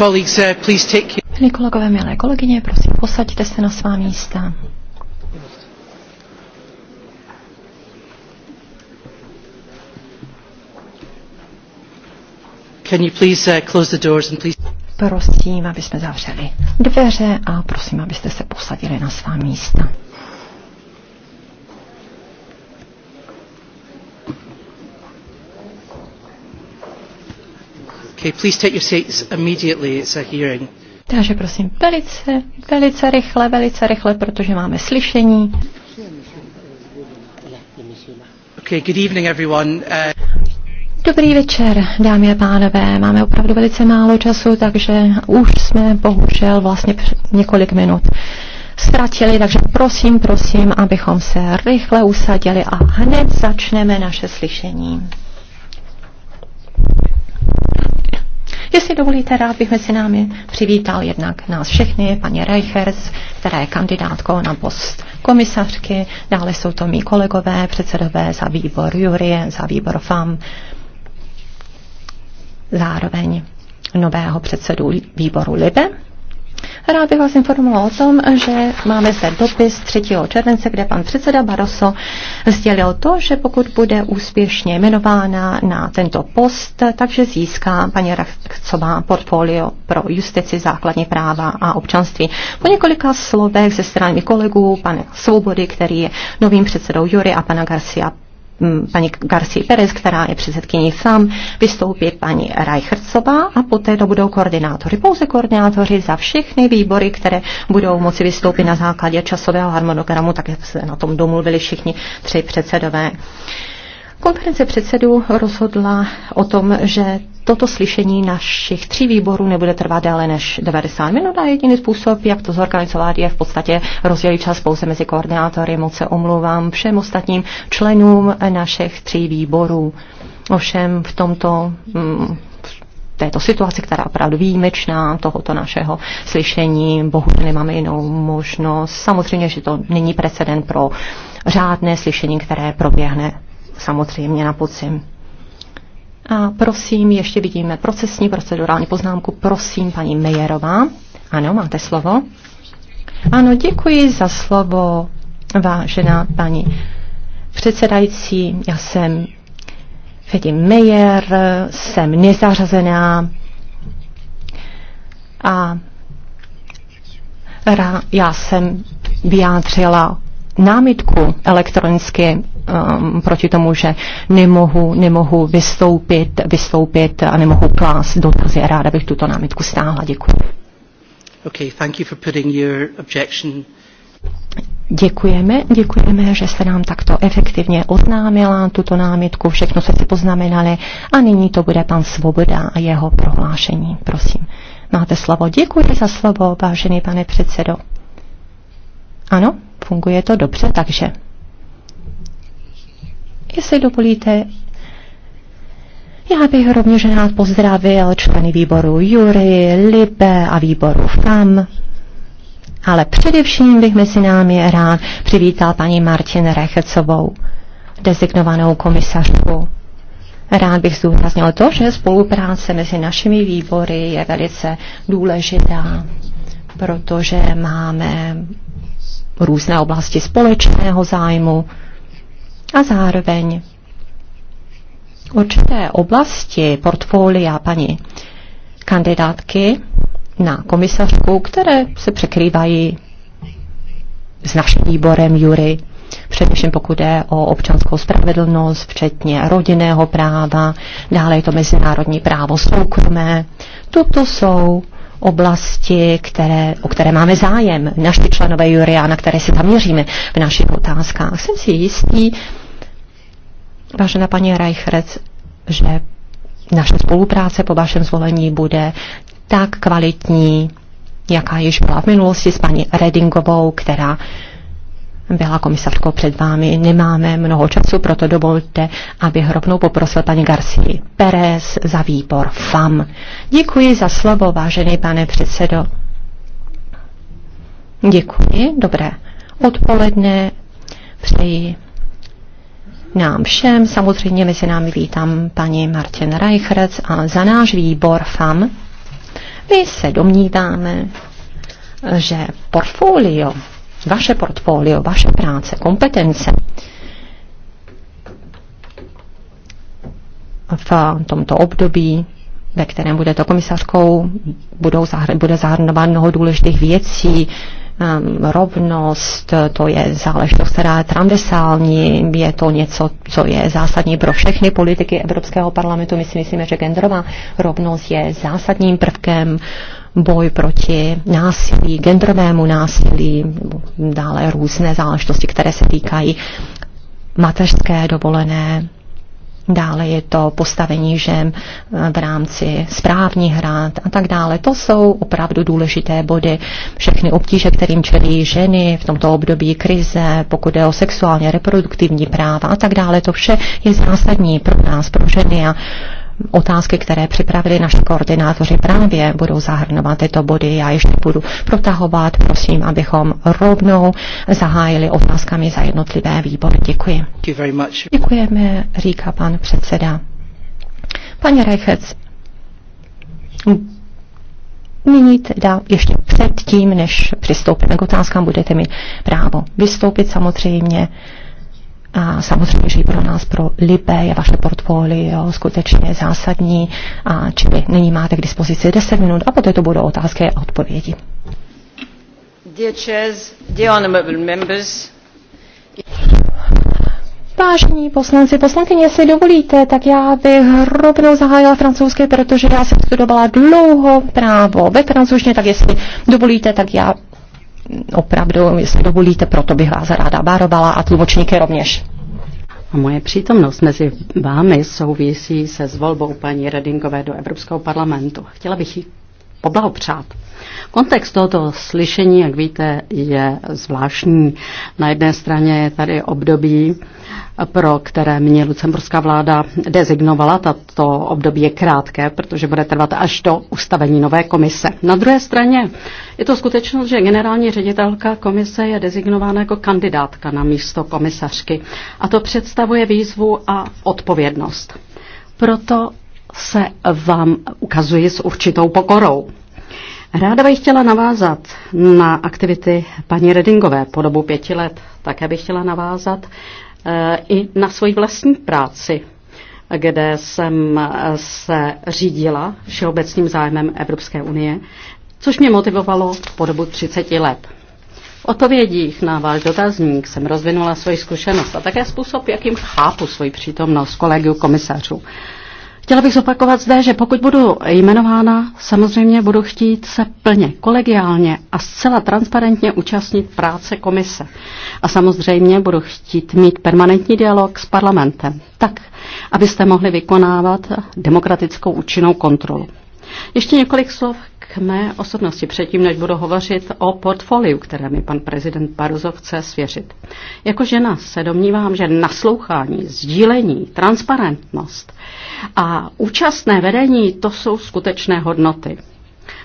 Uh, Milí kolegové, milé kolegyně, prosím, posaďte se na svá místa. Can you please, uh, close the doors and please... Prosím, aby jsme zavřeli dveře a prosím, abyste se posadili na svá místa. Okay, please take your seats immediately. It's a hearing. Takže prosím, velice, velice rychle, velice rychle, protože máme slyšení. Okay, good evening everyone. Uh... Dobrý večer, dámy a pánové. Máme opravdu velice málo času, takže už jsme bohužel vlastně několik minut ztratili, takže prosím, prosím, abychom se rychle usadili a hned začneme naše slyšení. Jestli dovolíte, rád bych mezi námi přivítal jednak nás všechny, paní Reichers, která je kandidátkou na post komisařky, dále jsou to mý kolegové, předsedové za výbor Jurie, za výbor FAM, zároveň nového předsedu výboru LIBE, Rád bych vás informoval o tom, že máme zde dopis 3. července, kde pan předseda Barroso sdělil to, že pokud bude úspěšně jmenována na tento post, takže získá paní Rachcová portfolio pro justici, základní práva a občanství. Po několika slovech ze strany kolegů, pana Svobody, který je novým předsedou Jury a pana Garcia paní Garci Perez, která je předsedkyní SAM, vystoupí paní Reichertzová a poté to budou koordinátory. Pouze koordinátoři za všechny výbory, které budou moci vystoupit na základě časového harmonogramu, tak jak se na tom domluvili všichni tři předsedové. Uh, Konference předsedů rozhodla o tom, že toto slyšení našich tří výborů nebude trvat déle než 90 minut a jediný způsob, jak to zorganizovat, je v podstatě rozdělit čas pouze mezi koordinátory. Moc se omlouvám všem ostatním členům našich tří výborů. Ovšem v tomto mm, v této situaci, která je opravdu výjimečná tohoto našeho slyšení, bohužel nemáme jinou možnost. Samozřejmě, že to není precedent pro řádné slyšení, které proběhne samozřejmě na podzim. A prosím, ještě vidíme procesní procedurální poznámku. Prosím, paní Mejerová. Ano, máte slovo. Ano, děkuji za slovo, vážená paní předsedající. Já jsem Fedi Mejer, jsem nezařazená a já jsem vyjádřila námitku elektronicky um, proti tomu, že nemohu, nemohu vystoupit, vystoupit a nemohu klást dotazy. Ráda bych tuto námitku stáhla. Děkuji. Okay, thank you for putting your objection. Děkujeme, děkujeme, že jste nám takto efektivně oznámila tuto námitku, všechno jste si poznamenali a nyní to bude pan Svoboda a jeho prohlášení. Prosím, máte slovo. Děkuji za slovo, vážený pane předsedo. Ano, funguje to dobře, takže Jestli dovolíte, já bych rovněž rád pozdravil členy výboru Jury, Libe a výboru FAM. Ale především bych mezi námi rád přivítal paní Martin Rechecovou, designovanou komisařku. Rád bych zdůraznil to, že spolupráce mezi našimi výbory je velice důležitá, protože máme různé oblasti společného zájmu, a zároveň určité oblasti portfolia paní kandidátky na komisařku, které se překrývají s naším výborem Jury, především pokud jde o občanskou spravedlnost, včetně rodinného práva, dále je to mezinárodní právo soukromé. Toto jsou oblasti, které, o které máme zájem, naši členové Juria, na které se zaměříme v našich otázkách. Jsem si jistý, vážená paní Reichert, že naše spolupráce po vašem zvolení bude tak kvalitní, jaká již byla v minulosti s paní Redingovou, která byla komisařkou před vámi, nemáme mnoho času, proto dovolte, aby hrobnou poprosil paní Garcii Pérez za výbor FAM. Děkuji za slovo, vážený pane předsedo. Děkuji, dobré odpoledne, přeji nám všem. Samozřejmě mezi námi vítám paní Martin Reichrec a za náš výbor FAM. My se domníváme, že portfolio vaše portfolio, vaše práce, kompetence v tomto období, ve kterém budete komisařkou, budou zahr- bude zahrnovat mnoho důležitých věcí, um, rovnost, to je záležitost, která je transversální, je to něco, co je zásadní pro všechny politiky Evropského parlamentu. My si myslíme, že genderová rovnost je zásadním prvkem uh, boj proti násilí, genderovému násilí, dále různé záležitosti, které se týkají mateřské dovolené, Dále je to postavení žen eh, v rámci správních hrad, a tak dále. To jsou opravdu důležité body. Všechny obtíže, kterým čelí ženy v tomto období krize, pokud je o sexuálně reproduktivní práva a tak dále, to vše je zásadní pro nás, pro ženy a otázky, které připravili naši koordinátoři, právě budou zahrnovat tyto body. Já ještě budu protahovat, prosím, abychom rovnou zahájili otázkami za jednotlivé výbory. Děkuji. Děkujeme, říká pan předseda. Paní Rechec, Nyní teda ještě předtím, než přistoupíme k otázkám, budete mít právo vystoupit samozřejmě. A samozřejmě, že i pro nás, pro Libe, je vaše portfolio skutečně zásadní. A čili nyní máte k dispozici 10 minut a poté to budou otázky a odpovědi. Dear chairs, dear honorable members, Vážení poslanci, poslankyně, jestli dovolíte, tak já bych rovnou zahájila francouzské, protože já jsem studovala dlouho právo ve francouzštině, tak jestli dovolíte, tak já opravdu, jestli dovolíte, proto bych vás ráda barovala a tlumočníky rovněž. A moje přítomnost mezi vámi souvisí se zvolbou paní Redingové do Evropského parlamentu. Chtěla bych jí poblahopřát. Kontext tohoto slyšení, jak víte, je zvláštní. Na jedné straně je tady období, pro které mě lucemburská vláda dezignovala. Tato období je krátké, protože bude trvat až do ustavení nové komise. Na druhé straně je to skutečnost, že generální ředitelka komise je dezignována jako kandidátka na místo komisařky. A to představuje výzvu a odpovědnost. Proto se vám ukazuje s určitou pokorou. Ráda bych chtěla navázat na aktivity paní Redingové po dobu pěti let. Také bych chtěla navázat eh, i na svoji vlastní práci, kde jsem eh, se řídila všeobecným zájmem Evropské unie, což mě motivovalo po dobu 30 let. V odpovědích na váš dotazník jsem rozvinula svoji zkušenost a také způsob, jakým chápu svoji přítomnost kolegiu komisařů. Chtěla bych zopakovat zde, že pokud budu jmenována, samozřejmě budu chtít se plně, kolegiálně a zcela transparentně účastnit práce komise. A samozřejmě budu chtít mít permanentní dialog s parlamentem, tak, abyste mohli vykonávat demokratickou účinnou kontrolu. Ještě několik slov k mé osobnosti předtím, než budu hovořit o portfoliu, které mi pan prezident Barroso chce svěřit. Jako žena se domnívám, že naslouchání, sdílení, transparentnost a účastné vedení, to jsou skutečné hodnoty.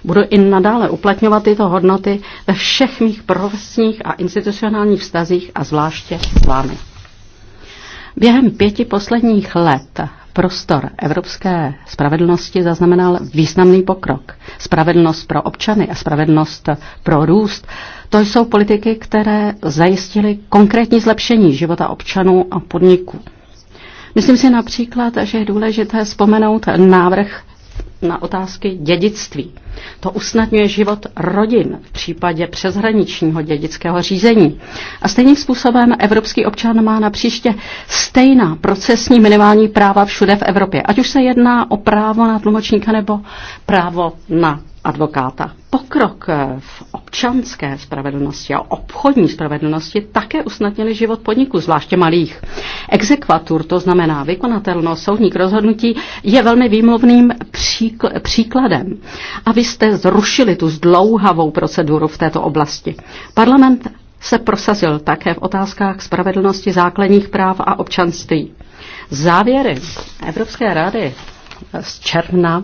Budu i nadále uplatňovat tyto hodnoty ve všech mých profesních a institucionálních vztazích a zvláště s vámi. Během pěti posledních let prostor evropské spravedlnosti zaznamenal významný pokrok. Spravedlnost pro občany a spravedlnost pro růst, to jsou politiky, které zajistily konkrétní zlepšení života občanů a podniků. Myslím si například, že je důležité vzpomenout návrh na otázky dědictví. To usnadňuje život rodin v případě přeshraničního dědického řízení. A stejným způsobem evropský občan má na příště stejná procesní minimální práva všude v Evropě, ať už se jedná o právo na tlumočníka nebo právo na advokáta. Pokrok v občanské spravedlnosti a obchodní spravedlnosti také usnadnili život podniků, zvláště malých. Exekvatur, to znamená vykonatelnost soudních rozhodnutí, je velmi výmluvným příkl- příkladem. A vy jste zrušili tu zdlouhavou proceduru v této oblasti. Parlament se prosazil také v otázkách spravedlnosti základních práv a občanství. Závěry Evropské rady z června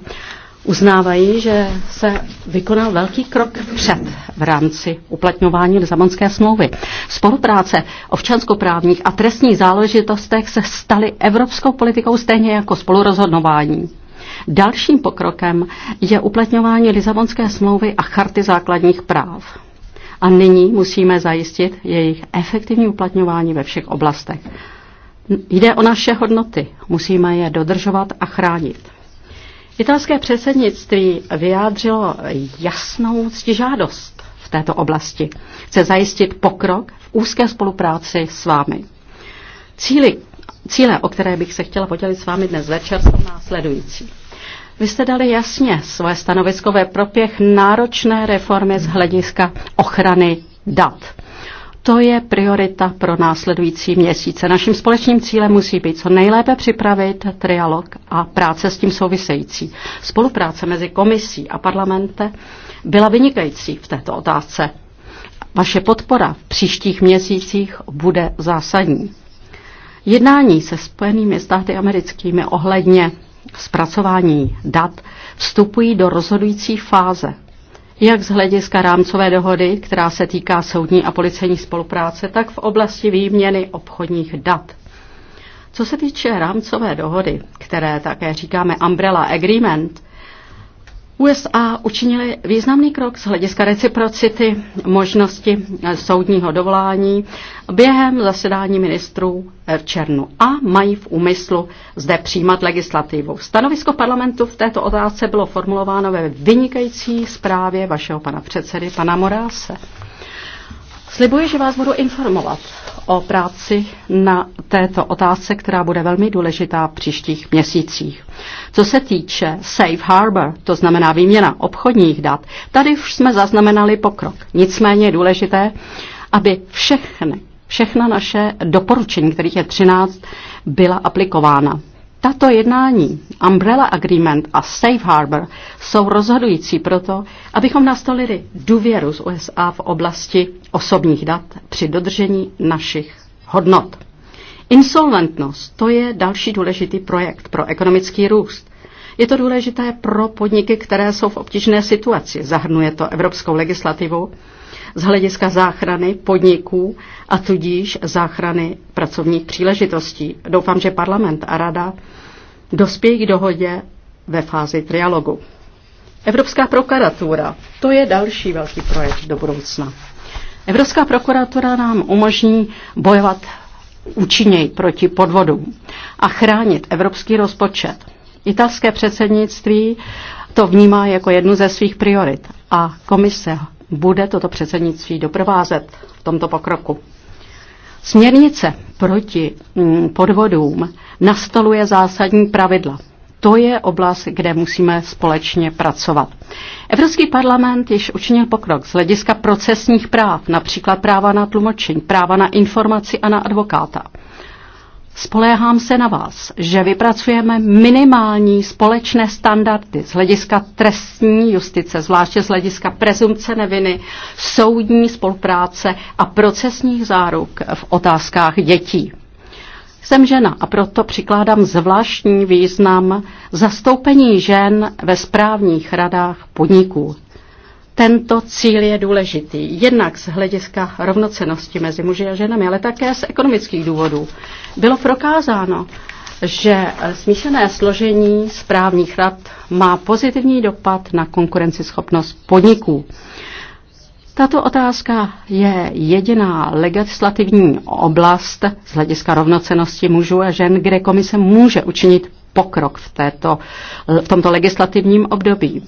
uznávají, že se vykonal velký krok před v rámci uplatňování Lizabonské smlouvy. Spolupráce občanskoprávních a trestních záležitostech se staly evropskou politikou stejně jako spolurozhodnování. Dalším pokrokem je uplatňování Lizabonské smlouvy a charty základních práv. A nyní musíme zajistit jejich efektivní uplatňování ve všech oblastech. Jde o naše hodnoty, musíme je dodržovat a chránit. Italské předsednictví vyjádřilo jasnou ctižádost v této oblasti. Chce zajistit pokrok v úzké spolupráci s vámi. Cíly, cíle, o které bych se chtěla podělit s vámi dnes večer, jsou následující. Vy jste dali jasně svoje stanovisko ve propěch náročné reformy z hlediska ochrany dat. To je priorita pro následující měsíce. Naším společným cílem musí být co nejlépe připravit trialog a práce s tím související. Spolupráce mezi komisí a parlamentem byla vynikající v této otázce. Vaše podpora v příštích měsících bude zásadní. Jednání se Spojenými státy americkými ohledně zpracování dat vstupují do rozhodující fáze jak z hlediska rámcové dohody, která se týká soudní a policejní spolupráce, tak v oblasti výměny obchodních dat. Co se týče rámcové dohody, které také říkáme Umbrella Agreement, USA učinili významný krok z hlediska reciprocity možnosti soudního dovolání během zasedání ministrů v černu a mají v úmyslu zde přijímat legislativu. Stanovisko parlamentu v této otázce bylo formulováno ve vynikající zprávě vašeho pana předsedy, pana Morase. Slibuji, že vás budu informovat o práci na této otázce, která bude velmi důležitá v příštích měsících. Co se týče safe harbor, to znamená výměna obchodních dat, tady už jsme zaznamenali pokrok. Nicméně je důležité, aby všechny, všechna naše doporučení, kterých je 13, byla aplikována. Tato jednání, Umbrella Agreement a Safe Harbor, jsou rozhodující proto, abychom nastolili důvěru z USA v oblasti osobních dat při dodržení našich hodnot. Insolventnost to je další důležitý projekt pro ekonomický růst. Je to důležité pro podniky, které jsou v obtížné situaci. Zahrnuje to evropskou legislativu z hlediska záchrany podniků a tudíž záchrany pracovních příležitostí. Doufám, že parlament a rada dospějí k dohodě ve fázi trialogu. Evropská prokuratura, to je další velký projekt do budoucna. Evropská prokuratura nám umožní bojovat účinněji proti podvodům a chránit evropský rozpočet. Italské předsednictví to vnímá jako jednu ze svých priorit a komise bude toto předsednictví doprovázet v tomto pokroku. Směrnice proti mm, podvodům nastoluje zásadní pravidla. To je oblast, kde musíme společně pracovat. Evropský parlament již učinil pokrok z hlediska procesních práv, například práva na tlumočení, práva na informaci a na advokáta. Spoléhám se na vás, že vypracujeme minimální společné standardy z hlediska trestní justice, zvláště z hlediska prezumce neviny, soudní spolupráce a procesních záruk v otázkách dětí. Jsem žena a proto přikládám zvláštní význam zastoupení žen ve správních radách podniků. Tento cíl je důležitý jednak z hlediska rovnocenosti mezi muži a ženami, ale také z ekonomických důvodů. Bylo prokázáno, že smíšené složení správních rad má pozitivní dopad na konkurenceschopnost podniků. Tato otázka je jediná legislativní oblast z hlediska rovnocenosti mužů a žen, kde komise může učinit pokrok v, této, v tomto legislativním období.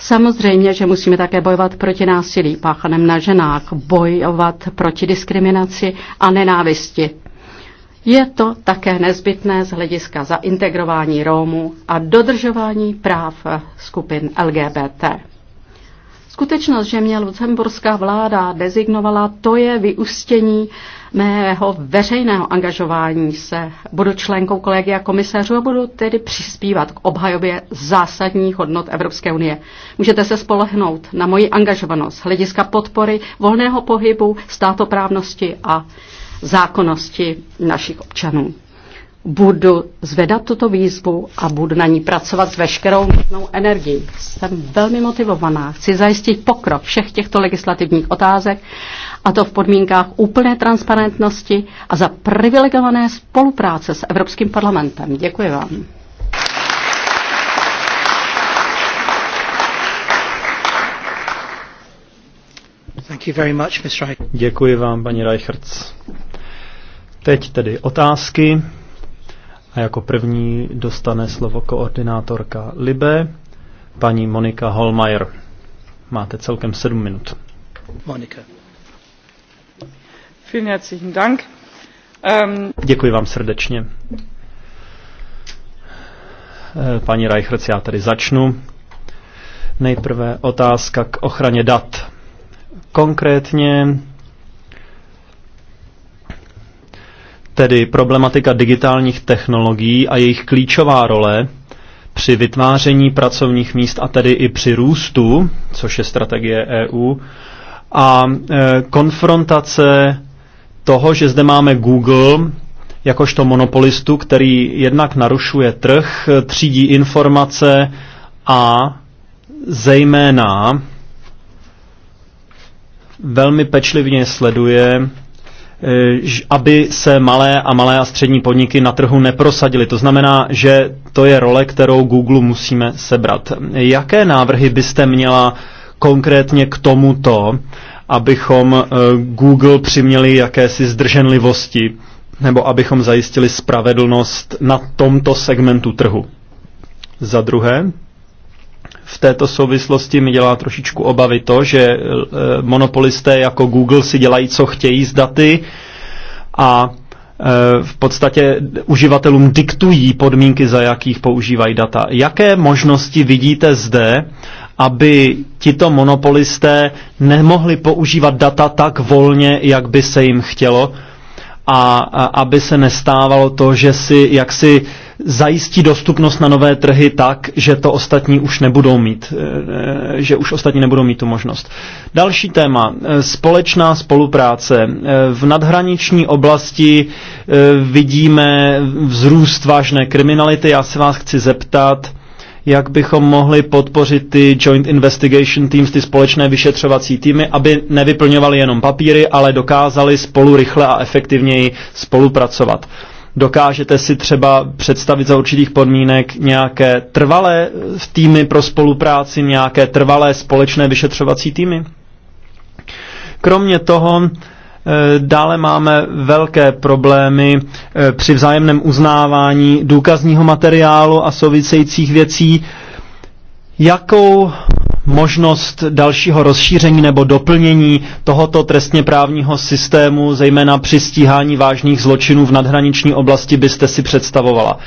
Samozřejmě, že musíme také bojovat proti násilí páchanem na ženách, bojovat proti diskriminaci a nenávisti. Je to také nezbytné z hlediska zaintegrování Rómů a dodržování práv skupin LGBT. Skutečnost, že mě lucemburská vláda dezignovala, to je vyústění uh, mého veřejného angažování se budu členkou kolegia komisařů a budu tedy přispívat k obhajobě zásadních hodnot Evropské unie. Můžete se spolehnout na moji angažovanost hlediska podpory volného pohybu, státoprávnosti a zákonnosti našich občanů budu zvedat tuto výzvu a budu na ní pracovat s veškerou nutnou energií. Jsem velmi motivovaná, chci zajistit pokrok všech těchto legislativních otázek a to v podmínkách úplné transparentnosti a za privilegované spolupráce s Evropským parlamentem. Děkuji vám. Thank you very much, Ms. Děkuji vám, paní Reichertz. Teď tedy otázky. A jako první dostane slovo koordinátorka Libe, paní Monika Holmajer. Máte celkem sedm minut. Monika. Vielen herzlichen Dank. Um... Děkuji vám srdečně. Eh, paní Reichertz, já tady začnu. Nejprve otázka k ochraně dat. Konkrétně tedy problematika digitálních technologií a jejich klíčová role při vytváření pracovních míst a tedy i při růstu, což je strategie EU, a e, konfrontace toho, že zde máme Google jakožto monopolistu, který jednak narušuje trh, třídí informace a zejména velmi pečlivě sleduje Eh, aby se malé a malé a střední podniky na trhu neprosadily. To znamená, že to je role, kterou Google musíme sebrat. Jaké návrhy byste měla konkrétně k tomuto, abychom eh, Google přiměli jakési zdrženlivosti, nebo abychom zajistili spravedlnost na tomto segmentu trhu? Za druhé, v této souvislosti mi dělá trošičku obavy to, že e, monopolisté jako Google si dělají, co chtějí s daty a e, v podstatě uživatelům diktují podmínky, za jakých používají data. Jaké možnosti vidíte zde, aby tito monopolisté nemohli používat data tak volně, jak by se jim chtělo, a, a aby se nestávalo to, že si jaksi zajistí dostupnost na nové trhy tak, že to ostatní už nebudou mít, eh, eh, že už ostatní nebudou mít tu možnost. Další téma, eh, společná spolupráce. V nadhraniční oblasti vidíme vzrůst vážné kriminality. Já se vás chci zeptat, jak bychom mohli podpořit ty Joint Investigation Teams, ty společné vyšetřovací týmy, aby nevyplňovali jenom papíry, ale dokázali spolu rychle a efektivněji spolupracovat. Dokážete si třeba představit za určitých podmínek nějaké trvalé eh, týmy pro spolupráci, nějaké trvalé společné vyšetřovací týmy? Kromě toho, Eh, dále máme velké problémy eh, při vzájemném uznávání důkazního materiálu a souvisejících věcí. Jakou možnost dalšího rozšíření nebo doplnění tohoto trestně právního systému, zejména při stíhání vážných zločinů v nadhraniční oblasti, byste si představovala?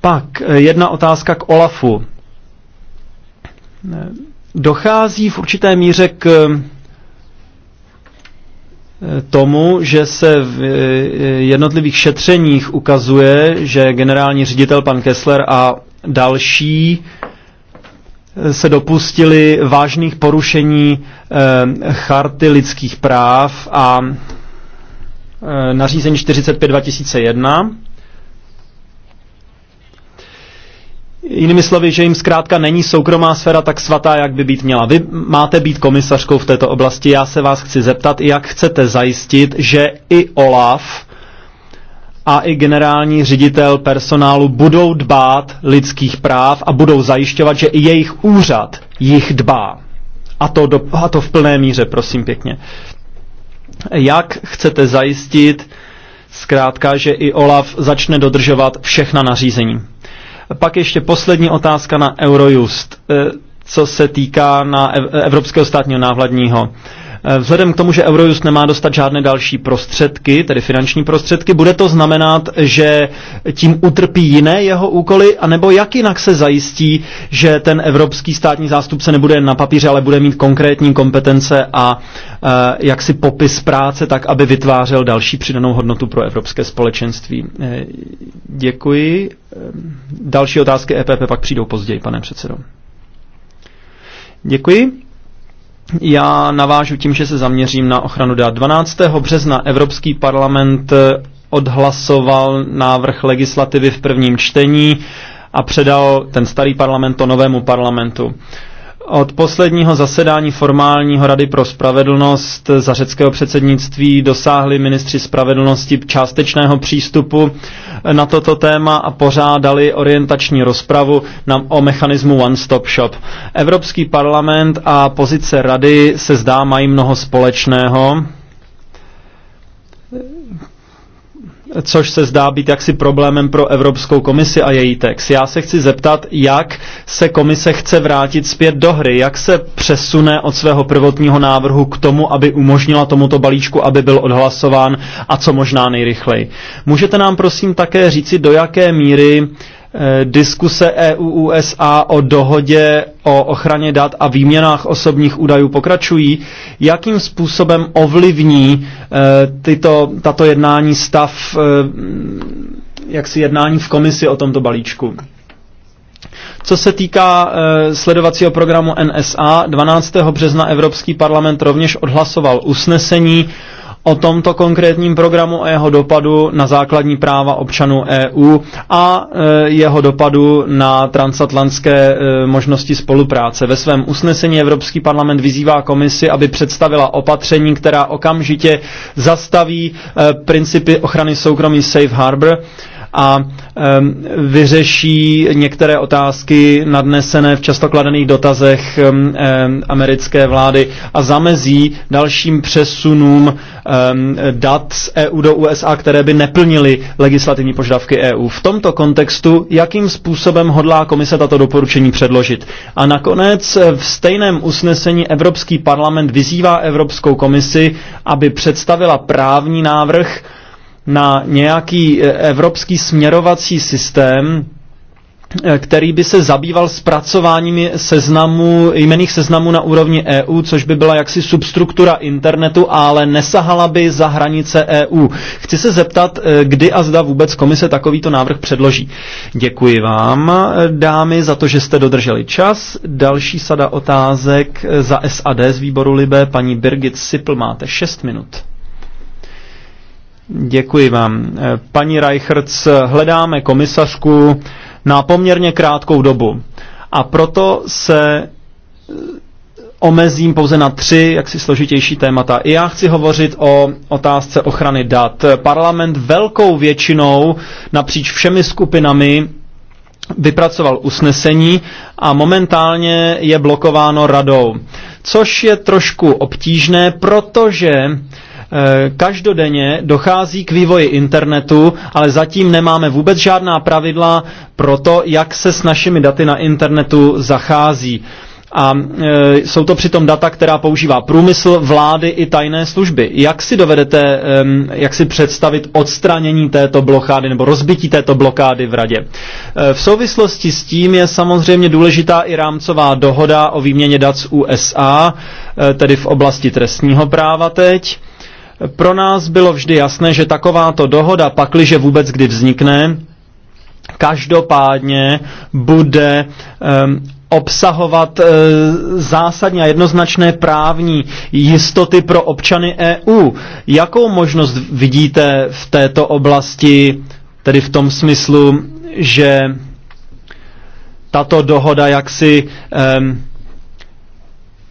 Pak eh, jedna otázka k Olafu. Dochází v určité míře k tomu, že se v eh, jednotlivých šetřeních ukazuje, že generální ředitel pan Kessler a další eh, se dopustili vážných porušení eh, charty lidských práv a nařízení 45 2001 Jinými slovy, že jim zkrátka není soukromá sféra tak svatá, jak by být měla. Vy máte být komisařkou v této oblasti. Já se vás chci zeptat, jak chcete zajistit, že i OLAF a i generální ředitel personálu budou dbát lidských práv a budou zajišťovat, že i jejich úřad jich dbá. A to, do, a to v plné míře, prosím pěkně. Jak chcete zajistit, zkrátka, že i OLAF začne dodržovat všechna nařízení? Pak ještě poslední otázka na Eurojust, eh, co se týká na Evropského státního návladního. Eh, vzhledem k tomu, že Eurojust nemá dostat žádné další prostředky, tedy finanční prostředky, bude to znamenat, že tím utrpí jiné jeho úkoly, anebo jak jinak se zajistí, že ten evropský státní zástupce nebude na papíře, ale bude mít konkrétní kompetence a eh, jaksi popis práce, tak aby vytvářel další přidanou hodnotu pro evropské společenství. Eh, děkuji. Další otázky EPP pak přijdou později, pane předsedo. Děkuji. Já navážu tím, že se zaměřím na ochranu dát. 12. března Evropský parlament eh, odhlasoval návrh legislativy v prvním čtení a předal ten starý parlament to novému parlamentu. Od posledního zasedání formálního Rady pro spravedlnost za řeckého předsednictví dosáhli ministři spravedlnosti částečného přístupu na toto téma a pořádali orientační rozpravu na, o mechanismu One Stop Shop. Evropský parlament a pozice Rady se zdá mají mnoho společného což se zdá být jaksi problémem pro Evropskou komisi a její text. Já se chci zeptat, jak se komise chce vrátit zpět do hry, jak se přesune od svého prvotního návrhu k tomu, aby umožnila tomuto balíčku, aby byl odhlasován a co možná nejrychleji. Můžete nám prosím také říci, do jaké míry Eh, diskuse EU-USA o dohodě o ochraně dat a výměnách osobních údajů pokračují, jakým způsobem ovlivní eh, tyto, tato jednání stav, eh, jak si jednání v komisi o tomto balíčku. Co se týká sledovacího programu NSA, 12. března Evropský parlament rovněž odhlasoval usnesení o tomto konkrétním programu a jeho dopadu na základní práva občanů EU a e, jeho dopadu na transatlantské e, možnosti spolupráce. Ve svém usnesení Evropský parlament vyzývá komisi, aby představila opatření, která okamžitě zastaví e, principy ochrany soukromí Safe Harbor, a vyřeší některé otázky nadnesené v často kladených dotazech americké vlády a zamezí dalším přesunům dat z EU do USA, které by neplnily legislativní požadavky EU. V tomto kontextu, jakým způsobem hodlá komise tato doporučení předložit? A nakonec v stejném usnesení Evropský parlament vyzývá Evropskou komisi, aby představila právní návrh, na nějaký e, evropský směrovací systém, e, který by se zabýval zpracováním seznamu, jmených seznamů na úrovni EU, což by byla jaksi substruktura internetu, ale nesahala by za hranice EU. Chci se zeptat, e, kdy a zda vůbec komise takovýto návrh předloží. Děkuji vám, dámy, za to, že jste dodrželi čas. Další sada otázek za SAD z výboru Libe, paní Birgit Sipl, máte 6 minut. Děkuji vám. Eh, paní Reichertz, hledáme komisařku na poměrně krátkou dobu. A proto se eh, omezím pouze na tři jaksi složitější témata. I já chci hovořit o otázce ochrany dat. Parlament velkou většinou napříč všemi skupinami vypracoval usnesení a momentálně je blokováno radou. Což je trošku obtížné, protože Eh, každodenně dochází k vývoji internetu, ale zatím nemáme vůbec žádná pravidla pro to, jak se s našimi daty na internetu zachází. A e, jsou to přitom data, která používá průmysl, vlády i tajné služby. Jak si dovedete, e, jak si představit odstranění této blokády nebo rozbití této blokády v radě? E, v souvislosti s tím je samozřejmě důležitá i rámcová dohoda o výměně dat z USA, e, tedy v oblasti trestního práva teď. E, pro nás bylo vždy jasné, že takováto dohoda, pakliže vůbec kdy vznikne, každopádně bude um, obsahovat e, zásadně a jednoznačné právní jistoty pro občany EU. Jakou možnost vidíte v této oblasti, tedy v tom smyslu, že tato dohoda jaksi um,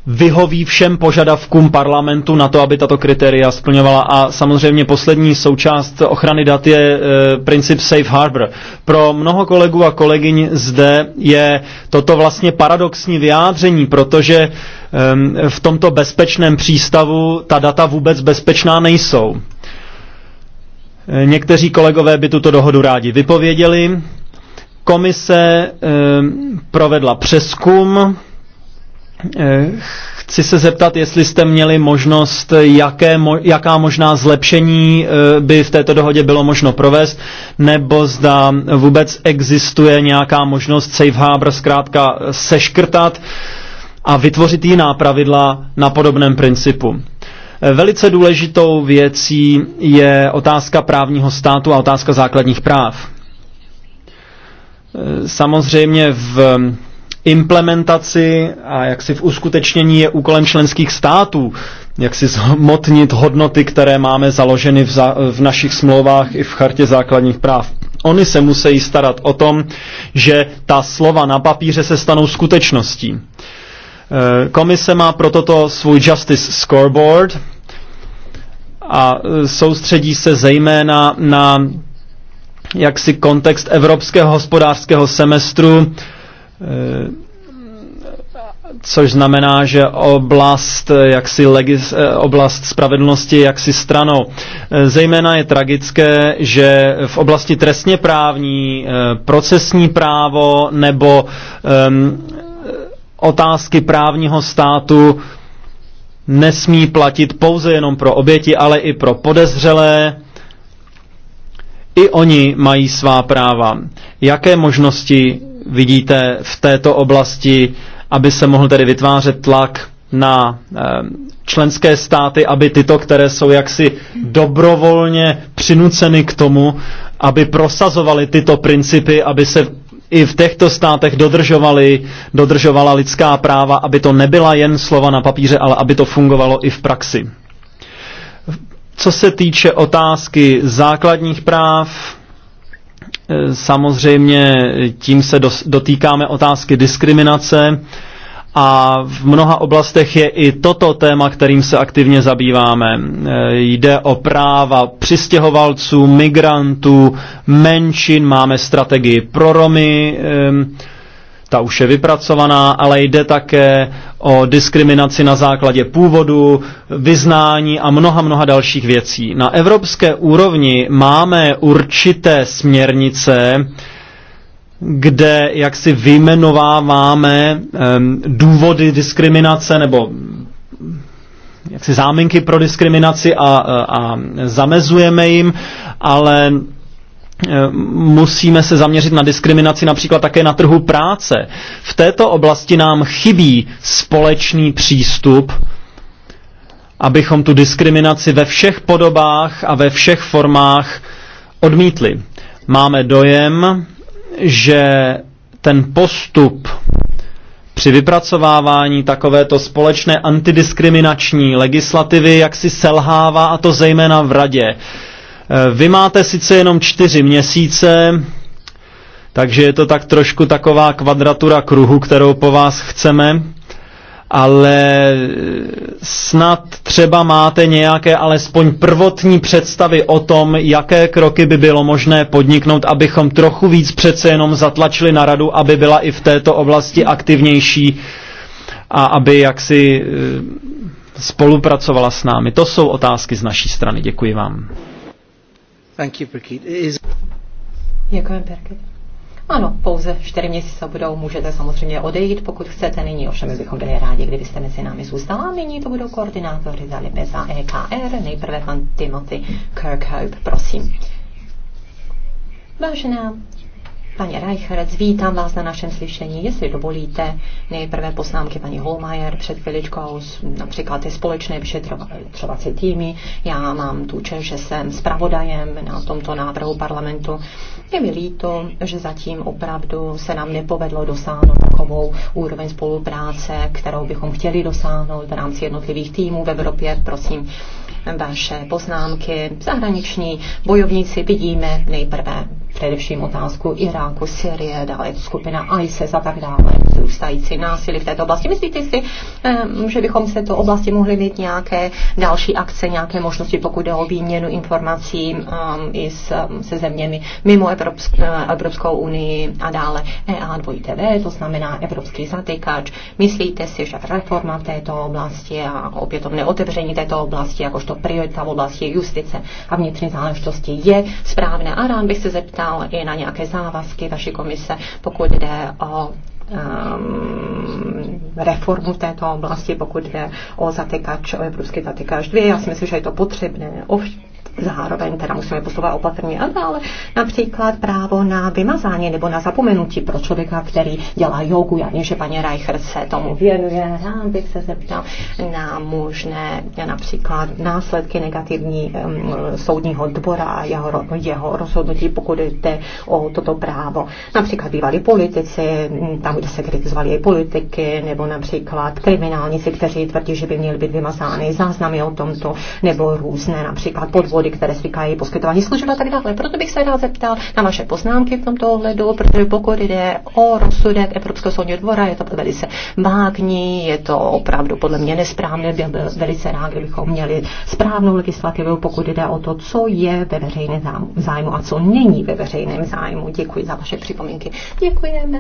vyhoví všem požadavkům parlamentu na to, aby tato kritéria splňovala. A samozřejmě poslední součást ochrany dat je e, princip safe harbor. Pro mnoho kolegů a kolegyň zde je toto vlastně paradoxní vyjádření, protože e, v tomto bezpečném přístavu ta data vůbec bezpečná nejsou. někteří kolegové by tuto dohodu rádi vypověděli. Komise e, provedla přeskum Eh, chci se zeptat, jestli jste měli možnost, eh, jaké, jaká možná zlepšení eh, by v této dohodě bylo možno provést, nebo zda vůbec existuje nějaká možnost safe harbor zkrátka seškrtat a vytvořit jiná pravidla na podobném principu. Velice důležitou věcí je otázka právního státu a otázka základních práv. Samozřejmě v implementaci a jaksi v uskutečnění je úkolem členských států, jak si zhmotnit hodnoty, které máme založeny v, za, v našich smlouvách i v chartě základních práv. Oni se musí starat o tom, že ta slova na papíře se stanou skutečností. E, komise má pro toto svůj Justice Scoreboard a e, soustředí se zejména na jaksi kontext evropského hospodářského semestru, Eh, což znamená, že oblast, eh, jaksi legis, eh, oblast spravedlnosti jaksi stranou. Zejména je tragické, že v oblasti trestně právní, procesní právo nebo um, otázky právního státu nesmí platit pouze jenom pro oběti, ale i pro podezřelé. I oni mají svá práva. Jaké možnosti vidíte v této oblasti, aby se mohl tedy vytvářet tlak na eh, členské státy, aby tyto, které jsou jaksi dobrovolně přinuceny k tomu, aby prosazovali tyto principy, aby se i v těchto státech dodržovali, dodržovala lidská práva, aby to nebyla jen slova na papíře, ale aby to fungovalo i v praxi. Co se týče otázky základních práv, Samozřejmě tím se dotýkáme otázky diskriminace a v mnoha oblastech je i toto téma, kterým se aktivně zabýváme. Eh, jde o práva přistěhovalců, migrantů, menšin, máme strategii pro Romy, ehm, ta už je vypracovaná, ale jde také o diskriminaci na základě původu, vyznání a mnoha, mnoha dalších věcí. Na evropské úrovni máme určité směrnice, kde si vyjmenováváme um, důvody diskriminace nebo jaksi záminky pro diskriminaci a, a, a zamezujeme jim, ale Eh, musíme se zaměřit na diskriminaci například také na trhu práce. V této oblasti nám chybí společný přístup, abychom tu diskriminaci ve všech podobách a ve všech formách odmítli. Máme dojem, že ten postup při vypracovávání takovéto společné antidiskriminační legislativy jaksi selhává, a to zejména v radě Eh, vy máte sice jenom čtyři měsíce, takže je to tak trošku taková kvadratura kruhu, kterou po vás chceme, ale eh, snad třeba máte nějaké alespoň prvotní představy o tom, jaké kroky by bylo možné podniknout, abychom trochu víc přece jenom zatlačili na radu, aby byla i v této oblasti aktivnější a aby jaksi eh, spolupracovala s námi. To jsou otázky z naší strany. Děkuji vám. Děkujeme, Ano, pouze čtyři měsíce budou, můžete samozřejmě odejít, pokud chcete. Nyní ovšem bychom byli rádi, kdybyste mezi námi zůstala. Nyní to budou koordinátory za Libeza EKR, nejprve pan Timothy Kirkhope, prosím. Vážená Pani Reicherec, vítám vás na našem slyšení. Jestli dovolíte, nejprve poznámky paní Holmajer před chviličkou, například ty společné vyšetřovací týmy. Já mám tu čest, že jsem zpravodajem na tomto návrhu parlamentu. Je mi líto, že zatím opravdu se nám nepovedlo dosáhnout takovou úroveň spolupráce, kterou bychom chtěli dosáhnout v rámci jednotlivých týmů v Evropě. Prosím, vaše poznámky. Zahraniční bojovníci vidíme nejprve především otázku Iráku, Syrie, dále skupina ISIS a tak dále, zůstající násilí v této oblasti. Myslíte si, eh, že bychom se to oblasti mohli mít nějaké další akce, nějaké možnosti, pokud jde o výměnu informací eh, i s, se zeměmi mimo Evropsk, eh, Evropskou unii a dále EA2TV, to znamená Evropský zatykač. Myslíte si, že reforma v této oblasti a opětovné otevření této oblasti, jakožto priorita v oblasti justice a vnitřní záležitosti je správné? A rád bych se zeptal, signál i na nějaké závazky vaší komise, pokud jde o um, reformu této oblasti, pokud jde o zatykač, o evropský zatykač 2. Já si myslím, že je to potřebné. Ovšem, zároveň teda musíme poslovat opatrně a dále. Například právo na vymazání nebo na zapomenutí pro člověka, který dělá jogu. Já vím, že paní Reicher se tomu věnuje. Já bych se zeptal na možné například následky negativní um, soudního dvora a jeho, jeho rozhodnutí, pokud jde o toto právo. Například bývalí politici, tam, kde se kritizovali i politiky, nebo například kriminálníci, kteří tvrdí, že by měli být vymazány záznamy o tomto, nebo různé například podvody důvody, které zvykají poskytování služeb a tak dále. Proto bych se rád zeptal na vaše poznámky v tomto ohledu, protože pokud jde o rozsudek Evropského soudního dvora, je to velice vágní, je to opravdu podle mě nesprávné, byl velice rád, kdybychom měli správnou legislativu, pokud jde o to, co je ve veřejném zájmu a co není ve veřejném zájmu. Děkuji za vaše připomínky. Děkujeme.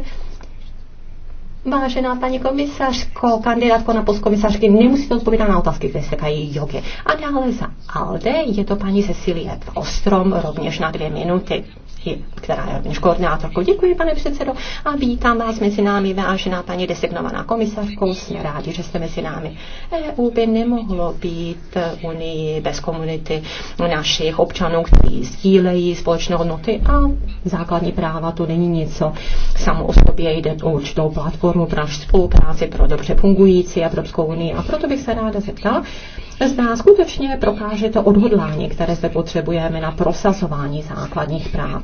Vážená paní komisařko, kandidátko na postkomisařky, nemusíte odpovídat na otázky, které se kají jogy. A dále za ALDE je to paní Cecilie Ostrom, rovněž na dvě minuty která je rovněž koordinátorkou. Děkuji, pane předsedo, a vítám vás mezi námi, vážená paní designovaná komisařko. Jsme rádi, že jste mezi námi. EU by nemohlo být unii bez komunity našich občanů, kteří sdílejí společné hodnoty a základní práva. To není něco samo o sobě, jde o určitou platformu platformu pro naši spolupráci, pro dobře fungující Evropskou unii. A proto bych se ráda zeptala, zda skutečně prokáže to odhodlání, které zde potřebujeme na prosazování základních práv.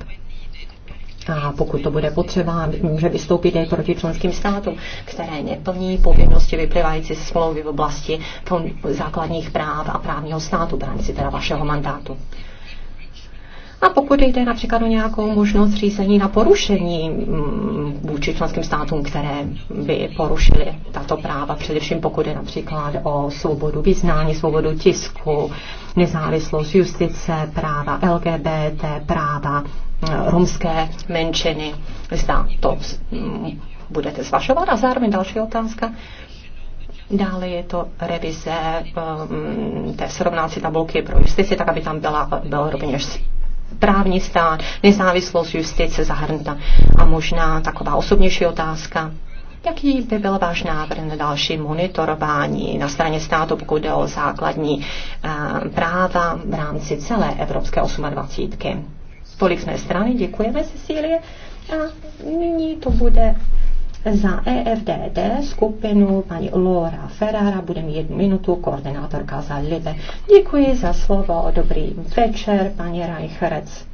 A pokud to bude potřeba, může vystoupit i proti členským státům, které neplní povinnosti vyplývající z smlouvy v oblasti základních práv a právního státu v rámci teda vašeho mandátu. A pokud jde například o nějakou možnost řízení na porušení mm, vůči členským státům, které by porušily tato práva, především pokud jde například o svobodu vyznání, svobodu tisku, nezávislost justice, práva LGBT, práva mm, romské menšiny, zda to mm, budete zvažovat. A zároveň další otázka. Dále je to revize um, té srovnávací tabulky pro justici, tak aby tam byla, byl rovněž právní stát, nezávislost justice zahrnuta. A možná taková osobnější otázka. Jaký by byl váš návrh na další monitorování na straně státu, pokud jde o základní eh, práva v rámci celé Evropské 28? Tolik z mé strany, děkujeme Cecílie. A nyní to bude za EFDD skupinu paní Laura Ferrara bude mít jednu minutu, koordinátorka za Libe. Děkuji za slovo, dobrý večer, paní Reicherec.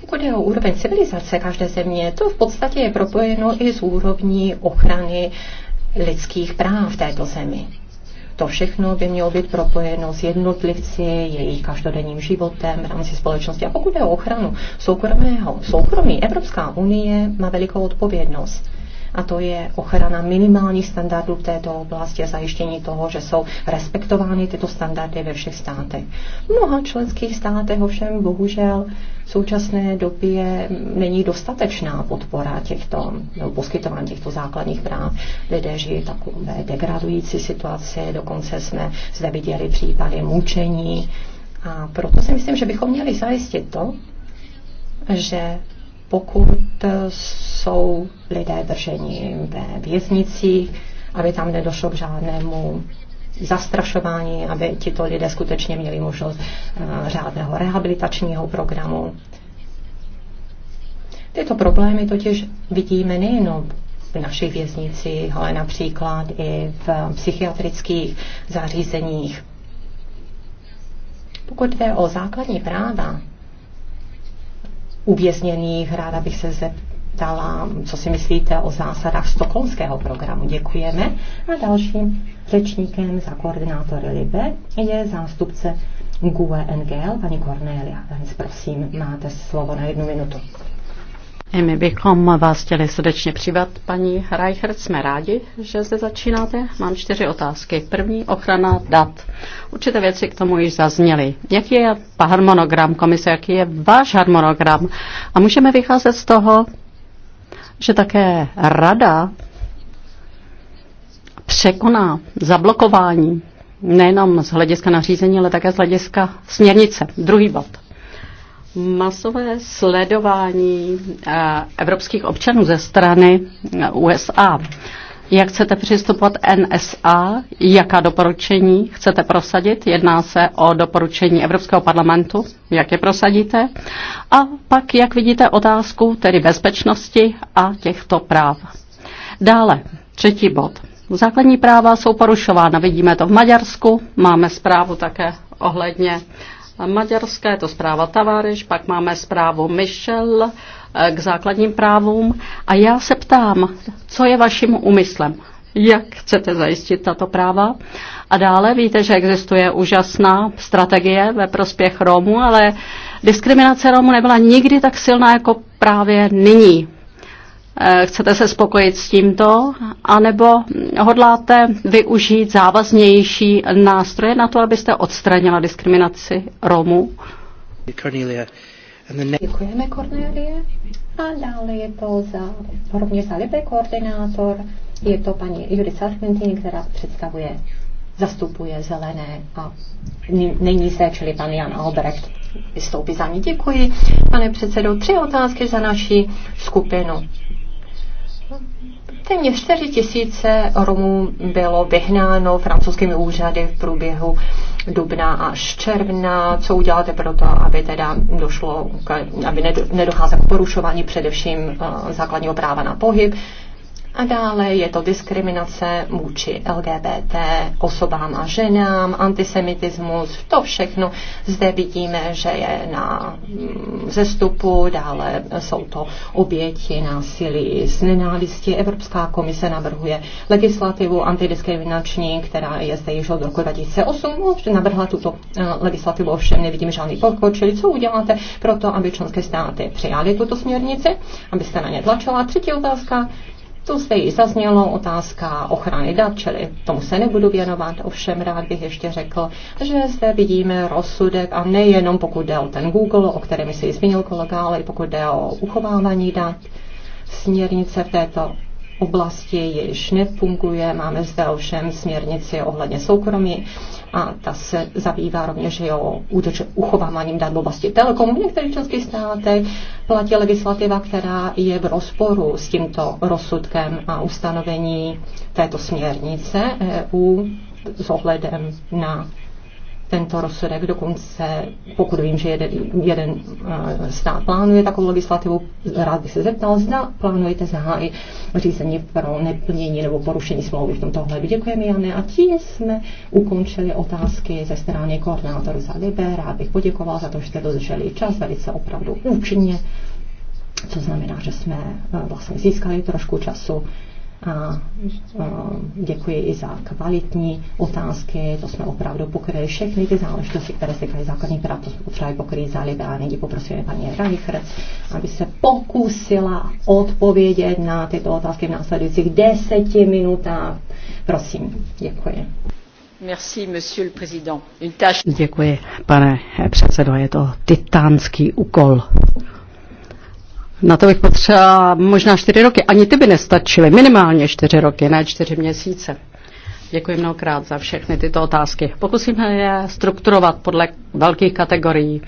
Pokud je o úroveň civilizace každé země, to v podstatě je propojeno i s úrovní ochrany lidských práv této zemi. To všechno by mělo být propojeno s jednotlivci, jejich každodenním životem v rámci společnosti. A pokud je o ochranu soukromého, soukromí, Evropská unie má velikou odpovědnost a to je ochrana minimálních standardů v této oblasti a zajištění toho, že jsou respektovány tyto standardy ve všech státech. V mnoha členských státech ovšem bohužel v současné době není dostatečná podpora těchto, nebo poskytování těchto základních práv. Lidé žijí takové degradující situaci, dokonce jsme zde viděli případy mučení, a proto si myslím, že bychom měli zajistit to, že pokud eh, jsou lidé drženi ve věznicích, aby tam nedošlo k žádnému zastrašování, aby tito lidé skutečně měli možnost eh, řádného rehabilitačního programu. Tyto problémy totiž vidíme nejenom v našich věznicích, ale například i v psychiatrických zařízeních. Pokud jde o základní práva uvězněných. Ráda bych se zeptala, co si myslíte o zásadách stokholmského programu. Děkujeme. A dalším řečníkem za koordinátory LIBE je zástupce GUE NGL, paní Cornelia. Dnes prosím, máte slovo na jednu minutu. My bychom vás chtěli srdečně přivat, paní Reichert. Jsme rádi, že zde začínáte. Mám čtyři otázky. První, ochrana dat. Určité věci k tomu již zazněly. Jaký je harmonogram komise, jaký je váš harmonogram? A můžeme vycházet z toho, že také rada překoná zablokování nejenom z hlediska nařízení, ale také z hlediska směrnice. Druhý bod masové sledování eh, evropských občanů ze strany USA. Jak chcete přistupovat NSA? Jaká doporučení chcete prosadit? Jedná se o doporučení Evropského parlamentu. Jak je prosadíte? A pak, jak vidíte otázku tedy bezpečnosti a těchto práv. Dále, třetí bod. Základní práva jsou porušována. Vidíme to v Maďarsku. Máme zprávu také ohledně Maďarska, je to zpráva Tavareš, pak máme zprávu Michel eh, k základním právům. A já se ptám, co je vaším úmyslem? Jak chcete zajistit tato práva? A dále víte, že existuje úžasná strategie ve prospěch Romů, ale diskriminace Romů nebyla nikdy tak silná jako právě nyní. Eh, chcete se spokojit s tímto, anebo hodláte využít závaznější nástroje na to, abyste odstranila diskriminaci Romů? Cornelia. Děkujeme, Cornelie. A dále je to za, rovněž za Libe koordinátor, je to paní Judith Argentini, která představuje, zastupuje zelené a není se, čili pan Jan Albrecht vystoupí za ní. Děkuji, pane předsedo. Tři otázky za naši skupinu. Téměř 4 tisíce Romů bylo vyhnáno francouzskými úřady v průběhu dubna až června. Co uděláte pro to, aby teda došlo, k, aby nedocházelo k porušování především eh, základního práva na pohyb? A dále je to diskriminace vůči LGBT osobám a ženám, antisemitismus, to všechno zde vidíme, že je na mm, zestupu, dále jsou to oběti násilí z nenávisti. Evropská komise navrhuje legislativu antidiskriminační, která je zde již od roku 2008, navrhla tuto eh, legislativu, ovšem nevidím žádný pokoč, čili co uděláte pro to, aby členské státy přijali tuto směrnici, abyste na ně tlačila. Třetí otázka, to zde i zaznělo, otázka ochrany dat, čili tomu se nebudu věnovat, ovšem rád bych ještě řekl, že zde vidíme rozsudek a nejenom pokud jde o ten Google, o kterém si zmínil kolega, ale i pokud jde o uchovávání dat, směrnice v této oblasti již nefunguje. Máme zde ovšem směrnici ohledně soukromí a ta se zabývá rovněž i o uchováváním dat v oblasti telekomu. V některých členských státech platí legislativa, která je v rozporu s tímto rozsudkem a ustanovení této směrnice EU s ohledem na tento rozsudek, dokonce pokud vím, že jeden, jeden eh, stát plánuje takovou legislativu, rád bych se zeptal, zda plánujete zahájit řízení pro neplnění nebo porušení smlouvy v tomto hledu. Děkujeme, Jane. A tím jsme ukončili otázky ze strany koordinátoru za Liber. Rád bych poděkoval za to, že jste dodrželi čas velice opravdu účinně, co znamená, že jsme eh, vlastně získali trošku času a děkuji i za kvalitní otázky, to jsme opravdu pokryli všechny ty záležitosti, které se týkají základní práv, to jsme potřebovali pokryli za liberální. Poprosíme paní Reichert, aby se pokusila odpovědět na tyto otázky v následujících deseti minutách. Prosím, děkuji. Merci, monsieur le président. Une tâche... Děkuji, pane předsedo, je to titánský úkol. Na to bych potřeba možná čtyři roky. Ani ty by nestačily. Minimálně čtyři roky, ne čtyři měsíce. Děkuji mnohokrát za všechny tyto otázky. Pokusíme je strukturovat podle velkých kategorií.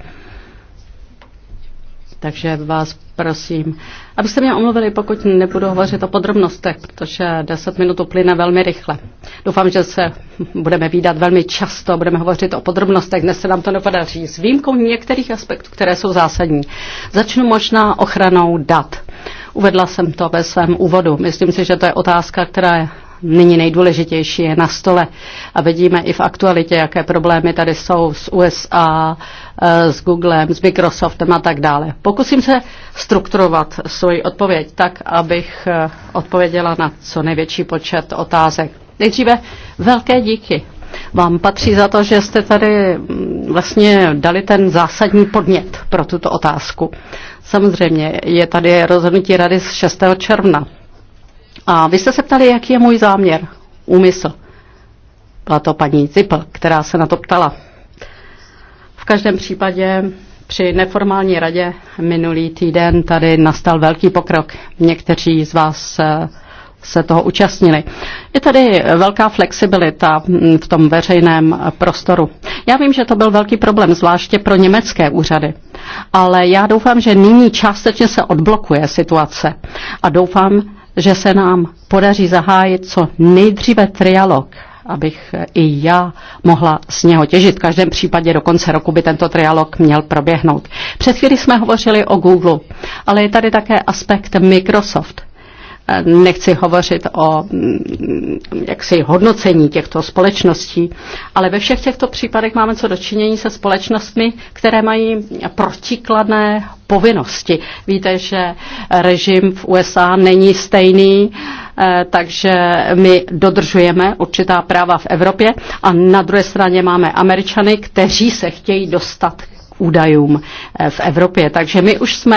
Takže vás prosím, abyste mě omluvili, pokud nebudu hovořit o podrobnostech, protože 10 minut uplyne velmi rychle. Doufám, že se budeme výdat velmi často, budeme hovořit o podrobnostech, dnes se nám to nepodaří, s výjimkou některých aspektů, které jsou zásadní. Začnu možná ochranou dat. Uvedla jsem to ve svém úvodu. Myslím si, že to je otázka, která nyní nejdůležitější je na stole. A vidíme i v aktualitě, jaké problémy tady jsou s USA, eh, s Googlem, s Microsoftem a tak dále. Pokusím se strukturovat svoji odpověď tak, abych eh, odpověděla na co největší počet otázek. Nejdříve velké díky. Vám patří za to, že jste tady mm, vlastně dali ten zásadní podnět pro tuto otázku. Samozřejmě je tady rozhodnutí rady z 6. června a vy jste se ptali, jaký je můj záměr, úmysl. Byla to paní Zipl, která se na to ptala. V každém případě při neformální radě minulý týden tady nastal velký pokrok. Někteří z vás eh, se toho účastnili. Je tady velká flexibilita hm, v tom veřejném prostoru. Já vím, že to byl velký problém, zvláště pro německé úřady, ale já doufám, že nyní částečně se odblokuje situace a doufám, že se nám podaří zahájit co nejdříve trialog, abych i já mohla z něho těžit. V každém případě do konce roku by tento trialog měl proběhnout. Před chvíli jsme hovořili o Google, ale je tady také aspekt Microsoft. Nechci hovořit o mm, jaksi hodnocení těchto společností, ale ve všech těchto případech máme co dočinění se společnostmi, které mají protikladné povinnosti. Víte, že režim v USA není stejný, eh, takže my dodržujeme určitá práva v Evropě a na druhé straně máme Američany, kteří se chtějí dostat údajům eh, v Evropě. Takže my už jsme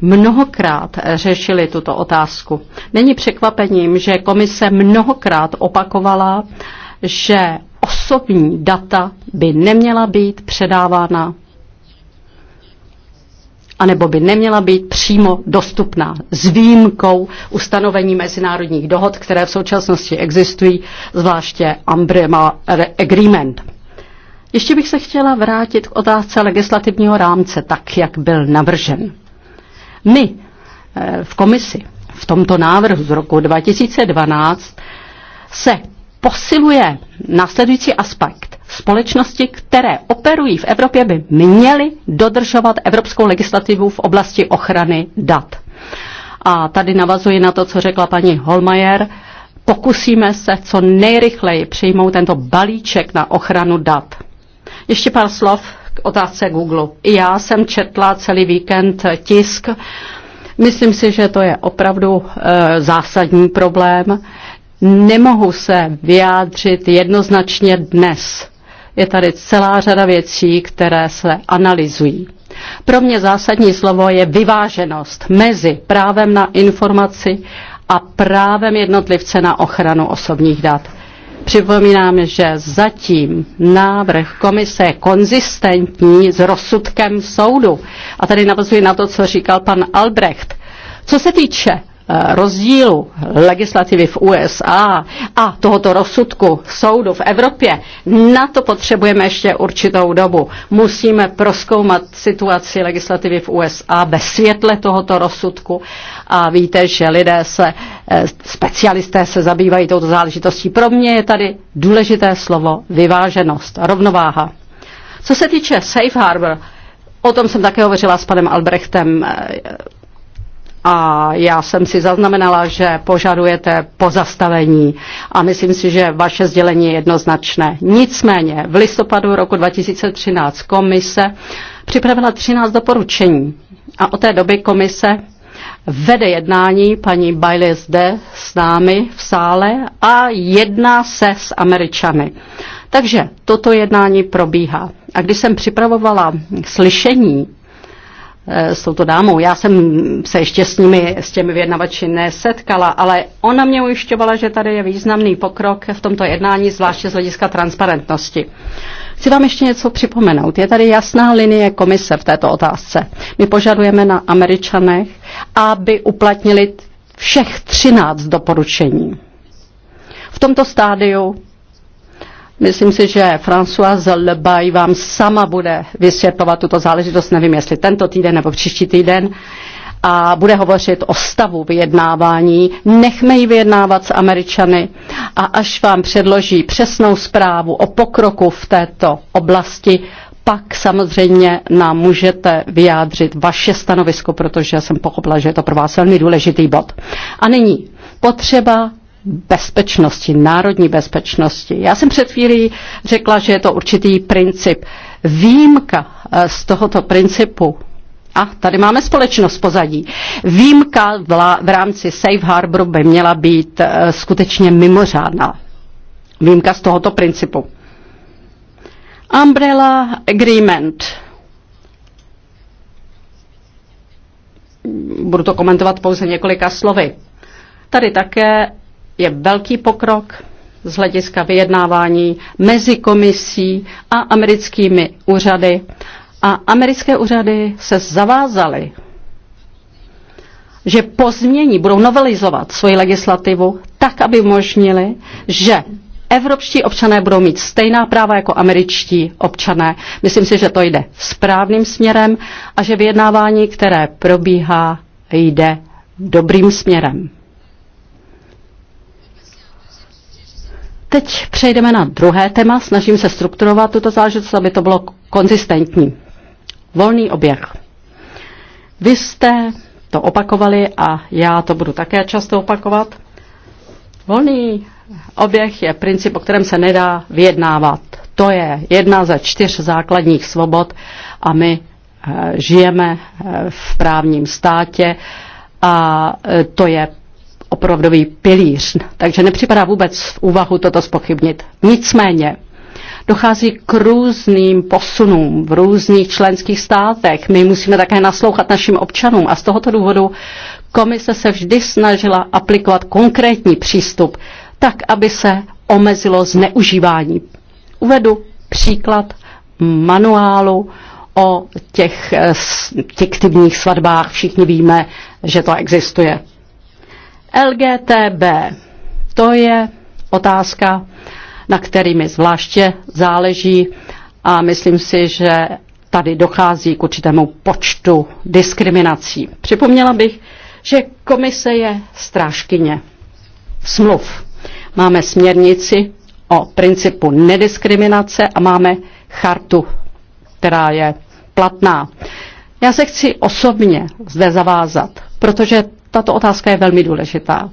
mnohokrát řešili tuto otázku. Není překvapením, že komise mnohokrát opakovala, že osobní data by neměla být předávána anebo by neměla být přímo dostupná s výjimkou ustanovení mezinárodních dohod, které v současnosti existují, zvláště Umbrella Agreement. Ještě bych se chtěla vrátit k otázce legislativního rámce, tak jak byl navržen. My eh, v komisi v tomto návrhu z roku 2012 se posiluje následující aspekt. Společnosti, které operují v Evropě, by měly dodržovat evropskou legislativu v oblasti ochrany dat. A tady navazuji na to, co řekla paní Holmajer. Pokusíme se co nejrychleji přijmout tento balíček na ochranu dat. Ještě pár slov k otázce Google. já jsem četla celý víkend tisk. Myslím si, že to je opravdu e, zásadní problém. Nemohu se vyjádřit jednoznačně dnes. Je tady celá řada věcí, které se analyzují. Pro mě zásadní slovo je vyváženost mezi právem na informaci a právem jednotlivce na ochranu osobních dat. Připomínám, že zatím návrh komise je konzistentní s rozsudkem soudu. A tady navazuji na to, co říkal pan Albrecht. Co se týče Eh, rozdílu legislativy v USA a tohoto rozsudku soudu v Evropě, na to potřebujeme ještě určitou dobu. Musíme proskoumat situaci legislativy v USA ve světle tohoto rozsudku a víte, že lidé se, eh, specialisté se zabývají touto záležitostí. Pro mě je tady důležité slovo vyváženost, rovnováha. Co se týče Safe Harbor, O tom jsem také hovořila s panem Albrechtem. Eh, a já jsem si zaznamenala, že požadujete pozastavení a myslím si, že vaše sdělení je jednoznačné. Nicméně v listopadu roku 2013 komise připravila 13 doporučení a od té doby komise vede jednání, paní Bailey zde s námi v sále a jedná se s Američany. Takže toto jednání probíhá. A když jsem připravovala slyšení s touto dámou. Já jsem se ještě s, nimi, s těmi vyjednavači nesetkala, ale ona mě ujišťovala, že tady je významný pokrok v tomto jednání, zvláště z hlediska transparentnosti. Chci vám ještě něco připomenout. Je tady jasná linie komise v této otázce. My požadujeme na Američanech, aby uplatnili všech 13 doporučení. V tomto stádiu Myslím si, že Françoise Lebaj vám sama bude vysvětlovat tuto záležitost, nevím jestli tento týden nebo příští týden, a bude hovořit o stavu vyjednávání. Nechme ji vyjednávat s Američany a až vám předloží přesnou zprávu o pokroku v této oblasti, pak samozřejmě nám můžete vyjádřit vaše stanovisko, protože jsem pochopila, že je to pro vás velmi důležitý bod. A nyní potřeba bezpečnosti, národní bezpečnosti. Já jsem před chvílí řekla, že je to určitý princip. Výjimka eh, z tohoto principu a tady máme společnost pozadí. Výjimka v rámci Safe Harboru by měla být eh, skutečně mimořádná. Výjimka z tohoto principu. Umbrella Agreement. Budu to komentovat pouze několika slovy. Tady také je velký pokrok z hlediska vyjednávání mezi komisí a americkými úřady. A americké úřady se zavázaly, že po změní budou novelizovat svoji legislativu tak, aby umožnili, že evropští občané budou mít stejná práva jako američtí občané. Myslím si, že to jde správným směrem a že vyjednávání, které probíhá, jde dobrým směrem. Teď přejdeme na druhé téma. Snažím se strukturovat tuto záležitost, aby to bylo konzistentní. Volný oběh. Vy jste to opakovali a já to budu také často opakovat. Volný oběh je princip, o kterém se nedá vyjednávat. To je jedna ze čtyř základních svobod a my eh, žijeme eh, v právním státě a eh, to je opravdový pilíř, takže nepřipadá vůbec v úvahu toto spochybnit. Nicméně dochází k různým posunům v různých členských státech. My musíme také naslouchat našim občanům a z tohoto důvodu komise se vždy snažila aplikovat konkrétní přístup, tak aby se omezilo zneužívání. Uvedu příklad manuálu o těch eh, fiktivních svatbách. Všichni víme, že to existuje. LGTB, to je otázka, na který mi zvláště záleží a myslím si, že tady dochází k určitému počtu diskriminací. Připomněla bych, že komise je strážkyně smluv. Máme směrnici o principu nediskriminace a máme chartu, která je platná. Já se chci osobně zde zavázat, protože tato otázka je velmi důležitá.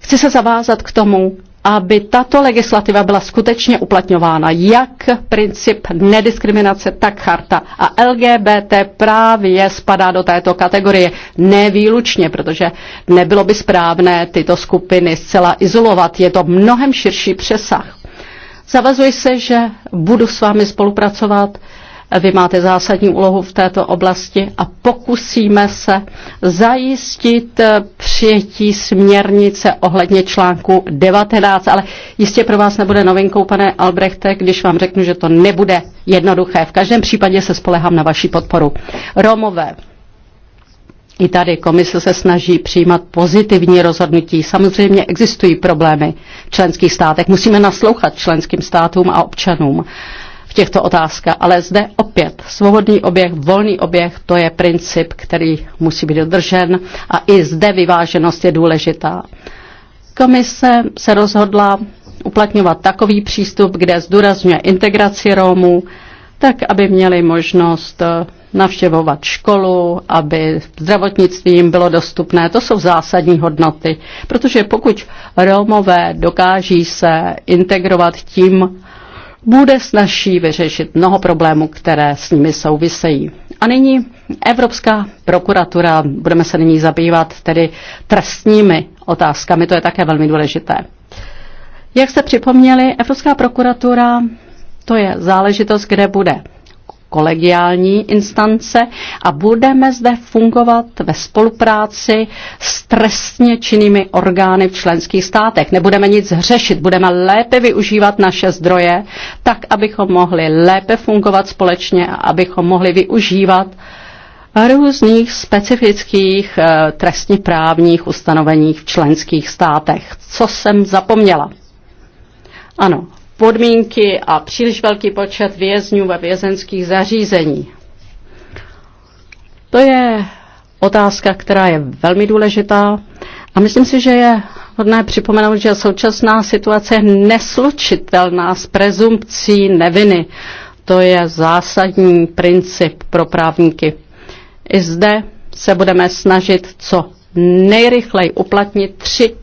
Chci se zavázat k tomu, aby tato legislativa byla skutečně uplatňována, jak princip nediskriminace, tak charta. A LGBT právě spadá do této kategorie nevýlučně, protože nebylo by správné tyto skupiny zcela izolovat. Je to mnohem širší přesah. Zavazuji se, že budu s vámi spolupracovat vy máte zásadní úlohu v této oblasti a pokusíme se zajistit eh, přijetí směrnice ohledně článku 19, ale jistě pro vás nebude novinkou, pane Albrechte, když vám řeknu, že to nebude jednoduché. V každém případě se spolehám na vaši podporu. Romové. I tady komise se snaží přijímat pozitivní rozhodnutí. Samozřejmě existují problémy v členských státech. Musíme naslouchat členským státům a občanům těchto otázkách. Ale zde opět svobodný oběh, volný oběh, to je princip, který musí být dodržen a i zde vyváženost je důležitá. Komise se rozhodla uplatňovat takový přístup, kde zdůrazňuje integraci Rómů, tak aby měli možnost eh, navštěvovat školu, aby zdravotnictví jim bylo dostupné. To jsou zásadní hodnoty, protože pokud Romové dokáží se integrovat tím, bude snažší vyřešit mnoho problémů, které s nimi souvisejí. A nyní Evropská prokuratura, budeme se nyní zabývat tedy trestními otázkami, to je také velmi důležité. Jak jste připomněli, Evropská prokuratura to je záležitost, kde bude kolegiální instance a budeme zde fungovat ve spolupráci s trestně činnými orgány v členských státech. Nebudeme nic řešit, budeme lépe využívat naše zdroje, tak abychom mohli lépe fungovat společně a abychom mohli využívat různých specifických eh, trestně právních ustanoveních v členských státech. Co jsem zapomněla? Ano, podmínky a příliš velký počet vězňů ve vězenských zařízení. To je otázka, která je velmi důležitá a myslím si, že je hodné připomenout, že současná situace je neslučitelná s prezumpcí neviny. To je zásadní princip pro právníky. I zde se budeme snažit co nejrychleji uplatnit tři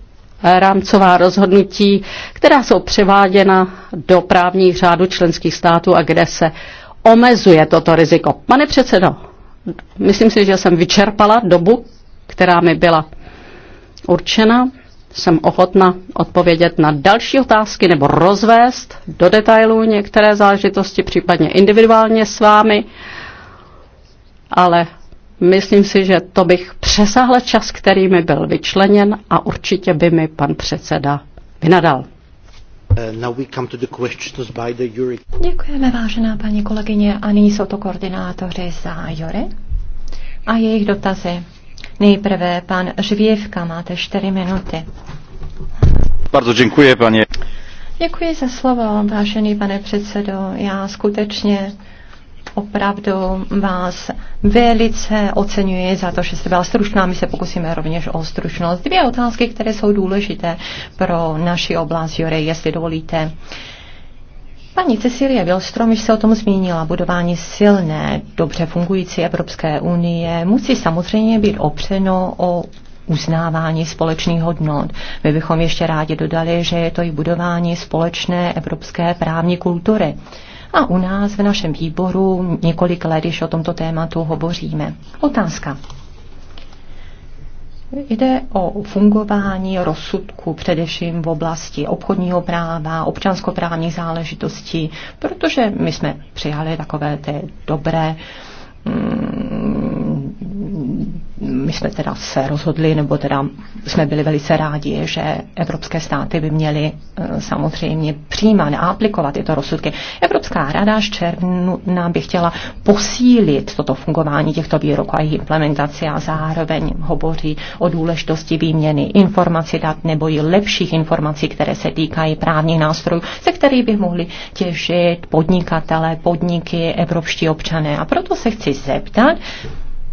rámcová rozhodnutí, která jsou převáděna do právních řádů členských států a kde se omezuje toto riziko. Pane předsedo, myslím si, že jsem vyčerpala dobu, která mi byla určena. Jsem ochotna odpovědět na další otázky nebo rozvést do detailů některé záležitosti, případně individuálně s vámi, ale Myslím si, že to bych přesáhla čas, který mi byl vyčleněn a určitě by mi pan předseda vynadal. Uh, Děkujeme, vážená paní kolegyně. A nyní jsou to koordinátoři za Jury a jejich dotazy. Nejprve pan Žvěvka, máte čtyři minuty. Bardzo děkuji, paní. Děkuji za slovo, vážený pane předsedo. Já skutečně opravdu vás velice oceňuji za to, že jste byla stručná. My se pokusíme rovněž o stručnost. Dvě otázky, které jsou důležité pro naši oblast, Jure, jestli dovolíte. Paní Cecilie Wilstrom když se o tom zmínila. Budování silné, dobře fungující Evropské unie musí samozřejmě být opřeno o uznávání společných hodnot. My bychom ještě rádi dodali, že je to i budování společné evropské právní kultury a u nás v našem výboru několik let již o tomto tématu hovoříme. Otázka. Jde o fungování rozsudku především v oblasti obchodního práva, občanskoprávních záležitostí, protože my jsme přijali takové ty dobré mm, my jsme teda se rozhodli, nebo teda jsme byli velice rádi, že evropské státy by měly e, samozřejmě přijímat a aplikovat tyto rozsudky. Evropská rada z června by chtěla posílit toto fungování těchto výroků a jejich implementaci a zároveň hovoří o důležitosti výměny informací dat nebo i lepších informací, které se týkají právních nástrojů, se kterými by mohli těžit podnikatele, podniky, evropští občané. A proto se chci zeptat,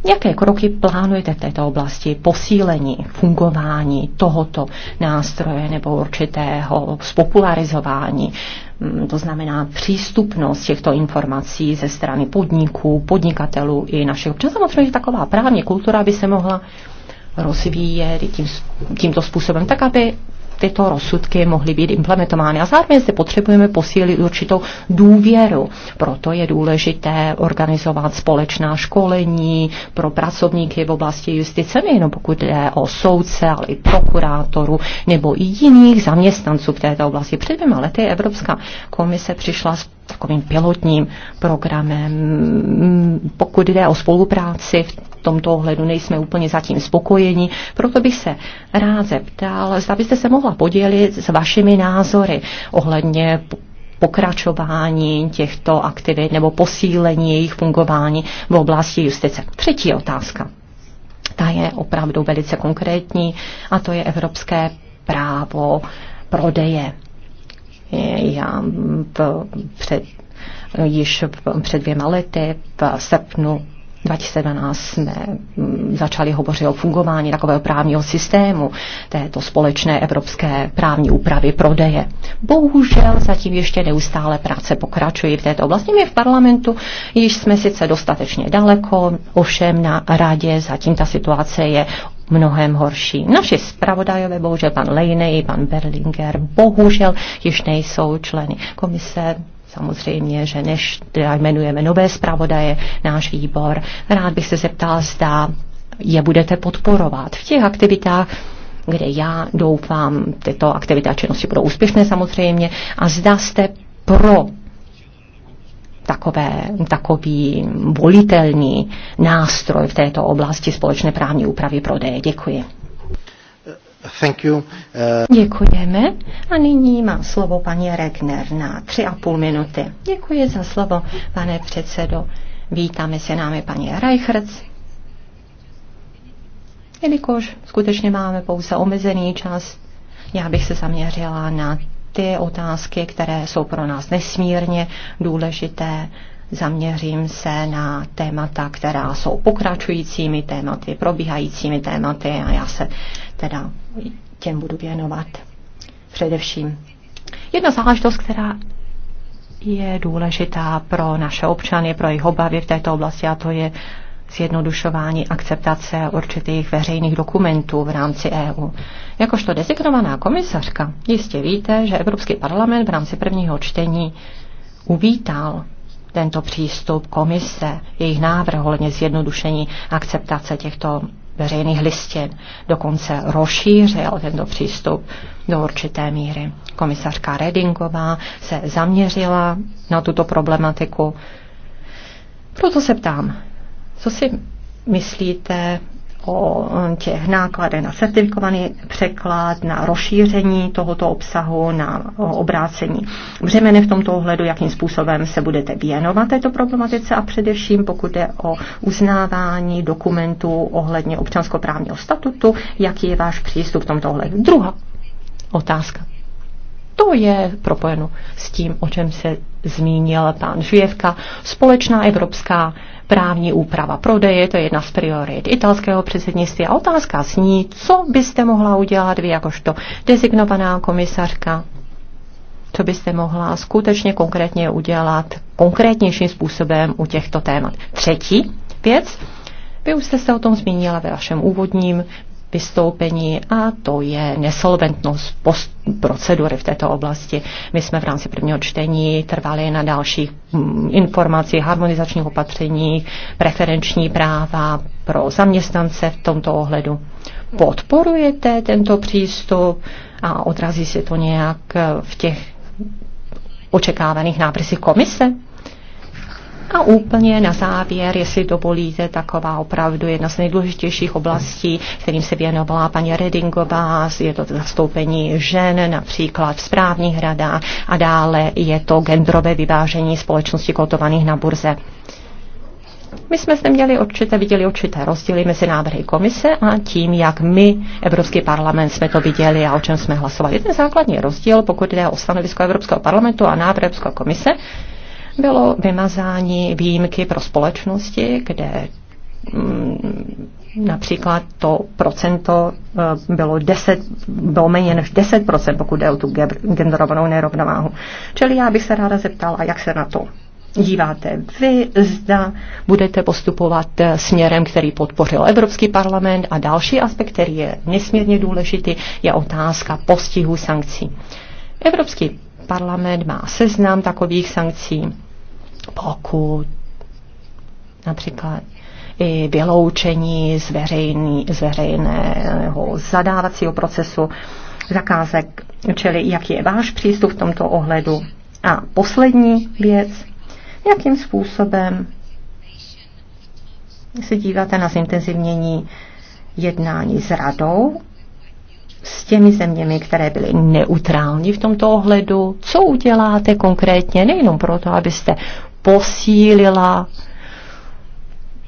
Jaké kroky plánujete v této oblasti posílení fungování tohoto nástroje nebo určitého spopularizování? Mm, to znamená přístupnost těchto informací ze strany podniků, podnikatelů i našich občanů. Samozřejmě, že taková právní kultura by se mohla rozvíjet tímto způsobem, tak aby tyto rozsudky mohly být implementovány. A zároveň se potřebujeme posílit určitou důvěru. Proto je důležité organizovat společná školení pro pracovníky v oblasti justice, nejenom pokud jde o soudce, ale i prokurátorů nebo i jiných zaměstnanců v této oblasti. Před dvěma lety Evropská komise přišla s takovým pilotním programem. Pokud jde o spolupráci v tomto ohledu nejsme úplně zatím spokojeni, proto bych se rád zeptal, zda byste se mohla podělit s vašimi názory ohledně pokračování těchto aktivit nebo posílení jejich fungování v oblasti justice. Třetí otázka. Ta je opravdu velice konkrétní a to je evropské právo prodeje já před, již před dvěma lety v srpnu 2012 jsme mm, začali hovořit o fungování takového právního systému, této společné evropské právní úpravy prodeje. Bohužel zatím ještě neustále práce pokračují v této oblasti. My v parlamentu již jsme sice dostatečně daleko, ovšem na radě zatím ta situace je mnohem horší. Naši zpravodajové, bohužel pan Lejnej i pan Berlinger, bohužel již nejsou členy komise. Samozřejmě, že než jmenujeme nové zpravodaje, náš výbor, rád bych se zeptal, zda je budete podporovat v těch aktivitách, kde já doufám, tyto aktivita činnosti budou úspěšné samozřejmě, a zda jste pro takové, takový volitelný nástroj v této oblasti společné právní úpravy prodeje. Děkuji. Thank you. Uh... Děkujeme. A nyní má slovo paní Regner na tři a půl minuty. Děkuji za slovo, pane předsedo. Vítáme se námi paní Reichertz. Jelikož skutečně máme pouze omezený čas, já bych se zaměřila na ty otázky, které jsou pro nás nesmírně důležité. Zaměřím se na témata, která jsou pokračujícími tématy, probíhajícími tématy a já se teda těm budu věnovat především. Jedna záležitost, která je důležitá pro naše občany, pro jejich obavy v této oblasti a to je zjednodušování akceptace určitých veřejných dokumentů v rámci EU. Jakožto dezignovaná komisařka jistě víte, že Evropský parlament v rámci prvního čtení uvítal tento přístup komise, jejich návrh hledně zjednodušení akceptace těchto veřejných listin. Dokonce rozšířil tento přístup do určité míry. Komisařka Redingová se zaměřila na tuto problematiku. Proto se ptám, co si myslíte o eh, těch nákladech na certifikovaný překlad, na rozšíření tohoto obsahu, na obrácení břemene v tomto ohledu, jakým způsobem se budete věnovat této problematice a především pokud je o uznávání dokumentů ohledně občanskoprávního statutu, jaký je váš přístup v tomto ohledu. Druhá otázka. To je propojeno s tím, o čem se zmínil pán Žujevka, společná evropská právní úprava prodeje, to je jedna z priorit italského předsednictví. A otázka zní, co byste mohla udělat vy jakožto designovaná komisařka co byste mohla skutečně konkrétně udělat konkrétnějším způsobem u těchto témat. Třetí věc, vy už jste se o tom zmínila ve vašem úvodním vystoupení a to je nesolventnost post- procedury v této oblasti. My jsme v rámci prvního čtení trvali na dalších mm, informacích, harmonizačních opatřeních, preferenční práva pro zaměstnance v tomto ohledu. Podporujete tento přístup a odrazí se to nějak v těch očekávaných návrzích komise? A úplně na závěr, jestli dovolíte, taková opravdu jedna z nejdůležitějších oblastí, kterým se věnovala paní Redingová, je to zastoupení žen například v správních radách a dále je to genderové vyvážení společnosti kotovaných na burze. My jsme zde měli určité, viděli určité rozdíly mezi návrhy komise a tím, jak my, Evropský parlament, jsme to viděli a o čem jsme hlasovali. Ten základní rozdíl, pokud jde o stanovisko Evropského parlamentu a návrh Evropské komise, bylo vymazání výjimky pro společnosti, kde mm, například to procento eh, bylo, 10, bylo méně než 10%, pokud jde o tu genderovanou nerovnováhu. Čili já bych se ráda zeptala, jak se na to díváte vy, zda budete postupovat eh, směrem, který podpořil Evropský parlament a další aspekt, který je nesmírně důležitý, je otázka postihu sankcí. Evropský parlament má seznam takových sankcí, oku, například i vyloučení z, veřejný, z veřejného zadávacího procesu zakázek, čili jaký je váš přístup v tomto ohledu. A poslední věc, jakým způsobem se díváte na zintenzivnění jednání s radou, s těmi zeměmi, které byly neutrální v tomto ohledu, co uděláte konkrétně, nejenom proto, abyste posílila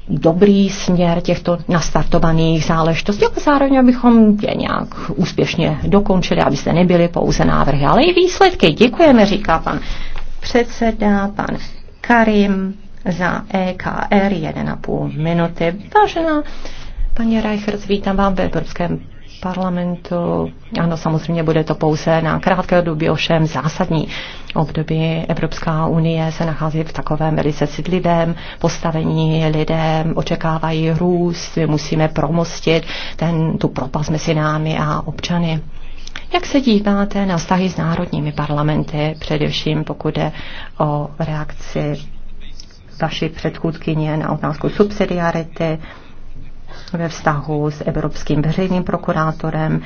dobrý směr těchto nastartovaných záležitostí, ale zároveň abychom je nějak úspěšně dokončili, aby se nebyli pouze návrhy, ale i výsledky. Děkujeme, říká pan předseda, pan Karim za EKR 1,5 minuty. Vážená paní Reichert, vítám vám ve Evropském parlamentu. Ano, samozřejmě bude to pouze na krátké období, ovšem zásadní období. Evropská unie se nachází v takovém velice citlivém postavení. Lidé očekávají růst, my musíme promostit ten, tu propast mezi námi a občany. Jak se díváte na vztahy s národními parlamenty, především pokud jde o reakci vaší předchůdkyně na otázku subsidiarity, ve vztahu s Evropským veřejným prokurátorem.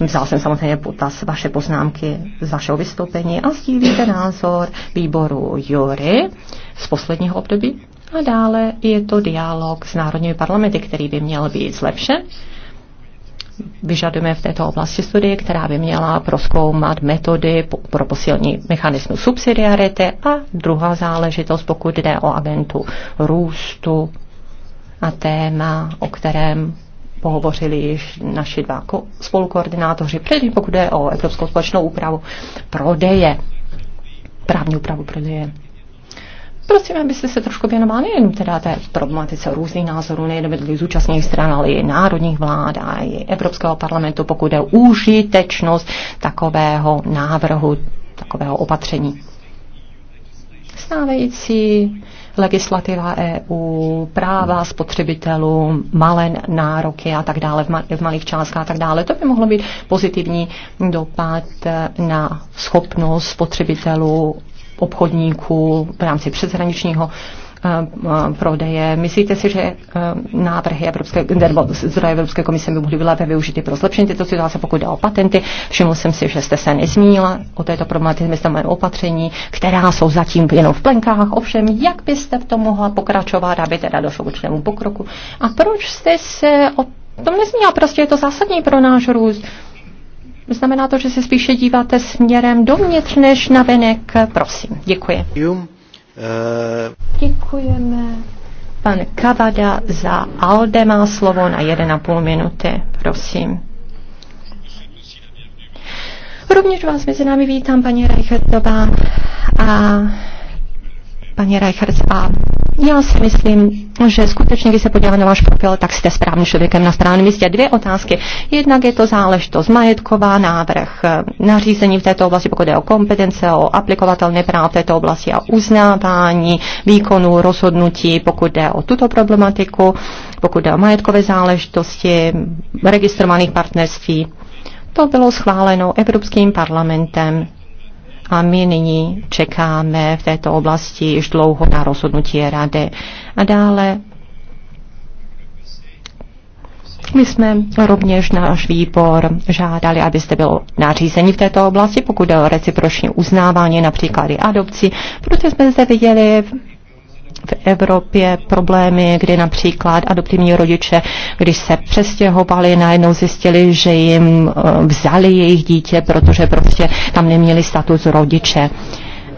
Vzal jsem samozřejmě potaz vaše poznámky z vašeho vystoupení a sdílíte názor výboru Jury z posledního období. A dále je to dialog s národními parlamenty, který by měl být zlepšen. Vyžadujeme v této oblasti studie, která by měla proskoumat metody pro posílení mechanismu subsidiarity a druhá záležitost, pokud jde o agentu růstu a téma, o kterém pohovořili již naši dva spolukoordinátoři, především pokud je o Evropskou společnou úpravu prodeje, právní úpravu prodeje. Prosím, abyste se trošku věnovali nejen teda té problematice různých názorů, nejen vedli zúčastněných stran, ale i národních vlád a i Evropského parlamentu, pokud je užitečnost takového návrhu, takového opatření. Stávající legislativa EU, práva spotřebitelů, malé nároky a tak dále, v, malých částkách a tak dále. To by mohlo být pozitivní dopad na schopnost spotřebitelů obchodníků v rámci přeshraničního Eh, prodeje. Myslíte si, že eh, návrhy Evropské, nebo zdroje Evropské komise by mohly být lépe využity pro zlepšení této situace, pokud jde o patenty? Všiml jsem si, že jste se nezmínila o této problematice, my máme opatření, která jsou zatím jenom v plenkách. Ovšem, jak byste v tom mohla pokračovat, aby teda došlo k určitému pokroku? A proč jste se o tom nezmínila? Prostě je to zásadní pro náš růst. Znamená to, že se spíše díváte směrem dovnitř než na venek. Prosím, děkuji. Eh, děkuji. Děkujeme. Pan Kavada za ALDE má slovo na 1,5 minuty. Prosím. Rovněž vás mezi námi vítám, paní Reichertová a paní Reichert a já si myslím, že skutečně, když se podíváme na váš profil, tak jste správným člověkem na správném místě. Dvě otázky. Jednak je to záležitost majetková, návrh eh, nařízení v této oblasti, pokud je o kompetence, o aplikovatelné práv v této oblasti a uznávání výkonu rozhodnutí, pokud jde o tuto problematiku, pokud jde o majetkové záležitosti, registrovaných partnerství. To bylo schváleno Evropským parlamentem a my nyní čekáme v této oblasti již dlouho na rozhodnutí rady. A dále my jsme rovněž náš výbor žádali, abyste bylo nařízení v této oblasti, pokud je o reciproční uznávání, například i adopci, protože jsme zde viděli v Evropě problémy, kdy například adoptivní rodiče, když se přestěhovali, najednou zjistili, že jim eh, vzali jejich dítě, protože prostě tam neměli status rodiče.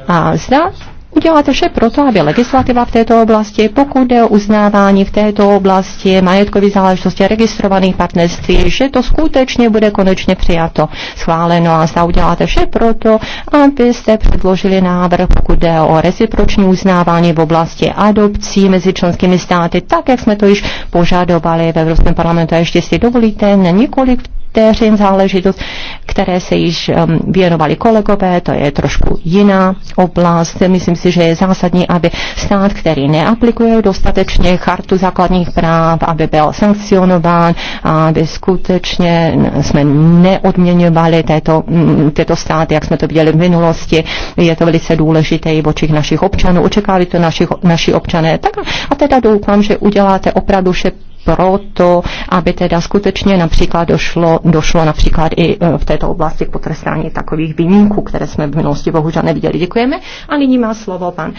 A zda udělat vše proto, aby legislativa v této oblasti, pokud jde o uznávání v této oblasti majetkové záležitosti registrovaných partnerství, že to skutečně bude konečně přijato, schváleno a zda uděláte vše proto, abyste předložili návrh, pokud jde o reciproční uznávání v oblasti adopcí mezi členskými státy, tak, jak jsme to již požadovali ve Evropském parlamentu. A ještě si dovolíte na několik vteřin záležitost, které se již um, věnovali kolegové, to je trošku jiná oblast. Myslím si, že je zásadní, aby stát, který neaplikuje dostatečně chartu základních práv, aby byl sankcionován, aby skutečně jsme neodměňovali této, mm, této státy, jak jsme to viděli v minulosti. Je to velice důležité i v očích našich občanů. očekávají to našich, naši občané. Tak a teda doufám, že uděláte opravdu vše proto, aby teda skutečně například došlo, došlo například i e, v této oblasti k potrestání takových výjimků, které jsme v minulosti bohužel neviděli. Děkujeme. A nyní má slovo pan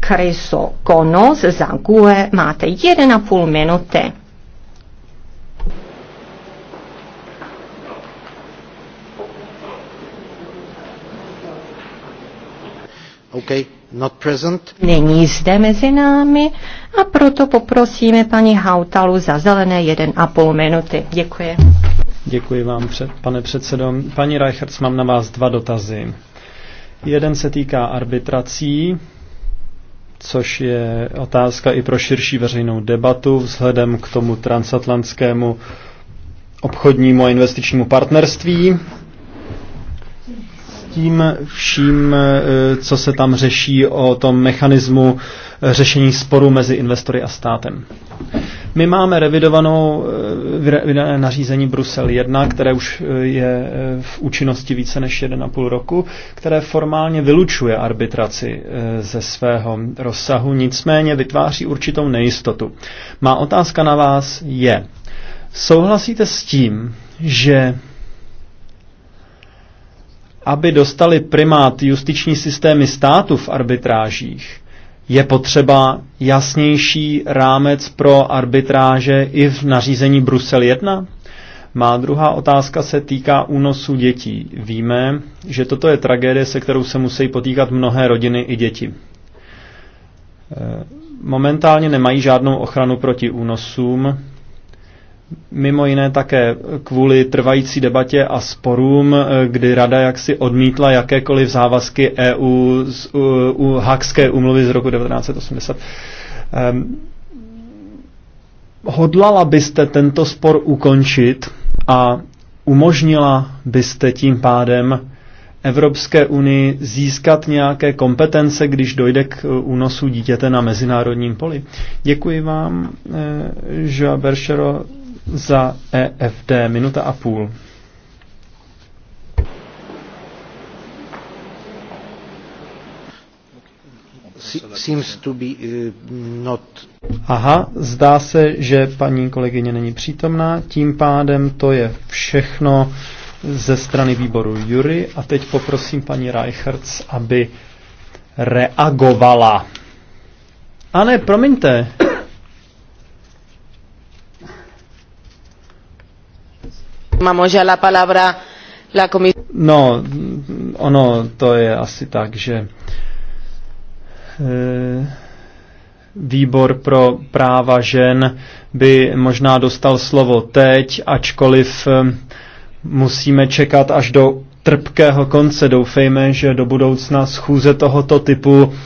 Kryso e, Konos za GUE. Máte 1,5 minuty. Okay. Není zde mezi námi a proto poprosíme paní Hautalu za zelené 1,5 minuty. Děkuji. Děkuji vám, pane předsedo. Paní Reichertz, mám na vás dva dotazy. Jeden se týká arbitrací, což je otázka i pro širší veřejnou debatu vzhledem k tomu transatlantskému obchodnímu a investičnímu partnerství tím vším, eh, co se tam řeší o tom mechanismu eh, řešení sporu mezi investory a státem. My máme revidovanou eh, nařízení Brusel 1, které už je v účinnosti více než 1,5 roku, které formálně vylučuje arbitraci ze svého rozsahu, nicméně vytváří určitou nejistotu. Má otázka na vás je, souhlasíte s tím, že aby dostali primát justiční systémy státu v arbitrážích, je potřeba jasnější rámec pro arbitráže i v nařízení Brusel 1? Má druhá otázka se týká únosu dětí. Víme, že toto je tragédie, se kterou se musí potýkat mnohé rodiny i děti. E, momentálně nemají žádnou ochranu proti únosům, Mimo jiné také kvůli trvající debatě a sporům, eh, kdy rada jaksi odmítla jakékoliv závazky EU z u, u Hakské umluvy z roku 1980. Ehm, hodlala byste tento spor ukončit a umožnila byste tím pádem Evropské unii získat nějaké kompetence, když dojde k eh, únosu dítěte na mezinárodním poli. Děkuji vám, eh, Joa Beršero, za EFD minuta a půl. Seems to be, uh, not. Aha, zdá se, že paní kolegyně není přítomná, tím pádem to je všechno ze strany výboru Jury a teď poprosím paní Reichertz, aby reagovala. A ne, promiňte, No, ono to je asi tak, že eh, výbor pro práva žen by možná dostal slovo teď, ačkoliv eh, musíme čekat až do trpkého konce. Doufejme, že do budoucna schůze tohoto typu eh,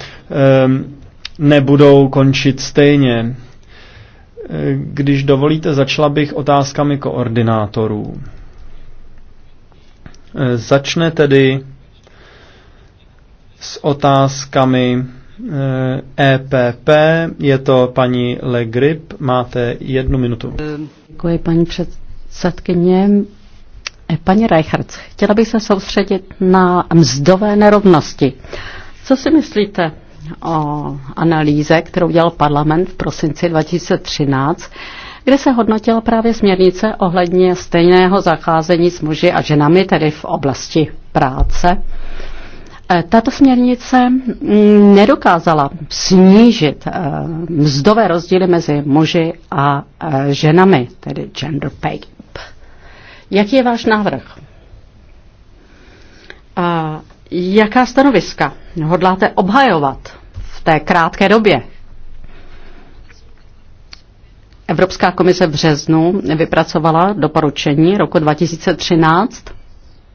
nebudou končit stejně. Když dovolíte, začala bych otázkami koordinátorů. Začne tedy s otázkami EPP. Eh, e Je to paní Legrip. Máte jednu minutu. Děkuji, paní předsedkyně. Eh, paní Reichardt, chtěla bych se soustředit na mzdové nerovnosti. Co si myslíte o analýze, kterou dělal parlament v prosinci 2013, kde se hodnotila právě směrnice ohledně stejného zacházení s muži a ženami, tedy v oblasti práce. E, tato směrnice mm, nedokázala snížit e, mzdové rozdíly mezi muži a e, ženami, tedy gender pay gap. Jaký je váš návrh? A jaká stanoviska hodláte obhajovat? té krátké době. Evropská komise v březnu vypracovala doporučení roku 2013.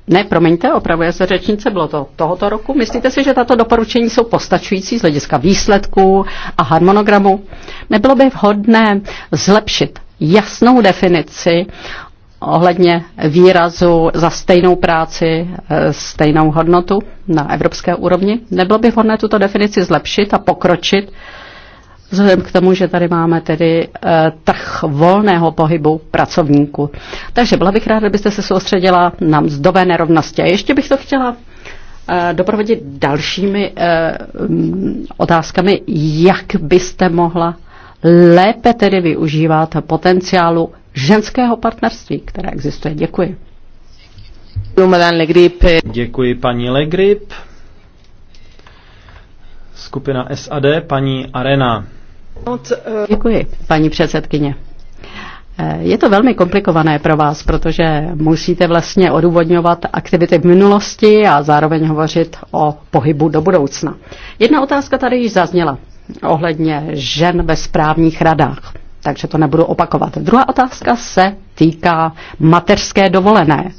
Ne, promiňte, opravuje se řečnice, bylo to tohoto roku. Myslíte si, že tato doporučení jsou postačující z hlediska výsledků a harmonogramu? Nebylo by vhodné zlepšit jasnou definici ohledně výrazu za stejnou práci, eh, stejnou hodnotu na evropské úrovni. Nebylo by vhodné tuto definici zlepšit a pokročit, vzhledem k tomu, že tady máme tedy eh, trh volného pohybu pracovníků. Takže byla bych ráda, kdybyste se soustředila na mzdové nerovnosti. A ještě bych to chtěla eh, doprovodit dalšími mm, otázkami, jak byste mohla lépe tedy využívat potenciálu ženského partnerství, které existuje. Děkuji. Děkuji paní Legrip. Skupina SAD, paní Arena. Děkuji, paní předsedkyně. Eh, je to velmi komplikované pro vás, protože musíte vlastně odůvodňovat aktivity v minulosti a zároveň hovořit o pohybu do budoucna. Jedna otázka tady již zazněla ohledně žen ve správních radách takže to nebudu opakovat. Druhá otázka se týká mateřské dovolené.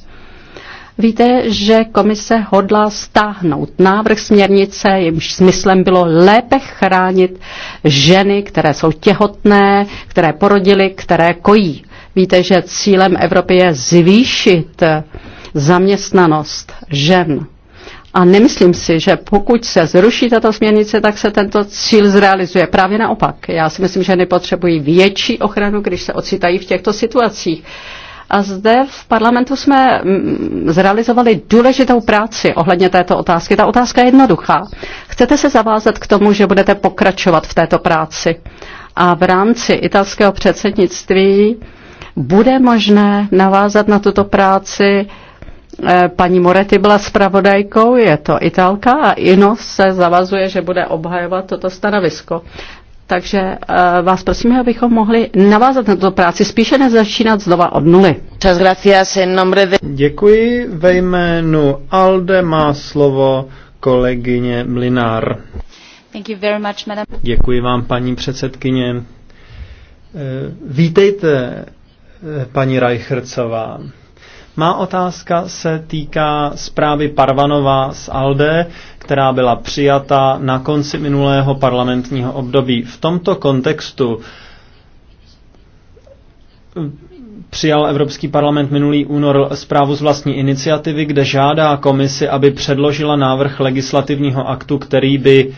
Víte, že komise hodla stáhnout návrh směrnice, jejímž smyslem bylo lépe chránit ženy, které jsou těhotné, které porodily, které kojí. Víte, že cílem Evropy je zvýšit zaměstnanost žen a nemyslím si, že pokud se zruší tato směrnice, tak se tento cíl zrealizuje. Právě naopak. Já si myslím, že nepotřebují větší ochranu, když se ocitají v těchto situacích. A zde v parlamentu jsme mm, zrealizovali důležitou práci ohledně této otázky. Ta otázka je jednoduchá. Chcete se zavázat k tomu, že budete pokračovat v této práci? A v rámci italského předsednictví bude možné navázat na tuto práci Eh, paní Moretti byla spravodajkou, je to Italka a Ino se zavazuje, že bude obhajovat toto stanovisko. Takže eh, vás prosíme, abychom mohli navázat na tuto práci, spíše než začínat znova od nuly. Děkuji. Ve jménu Alde má slovo kolegyně Mlinár. Thank you very much, madam. Děkuji vám, paní předsedkyně. Eh, vítejte, paní Reichercová. Má otázka se týká zprávy Parvanova z ALDE, která byla přijata na konci minulého parlamentního období. V tomto kontextu eh, přijal Evropský parlament minulý únor zprávu z vlastní iniciativy, kde žádá komisi, aby předložila návrh legislativního aktu, který by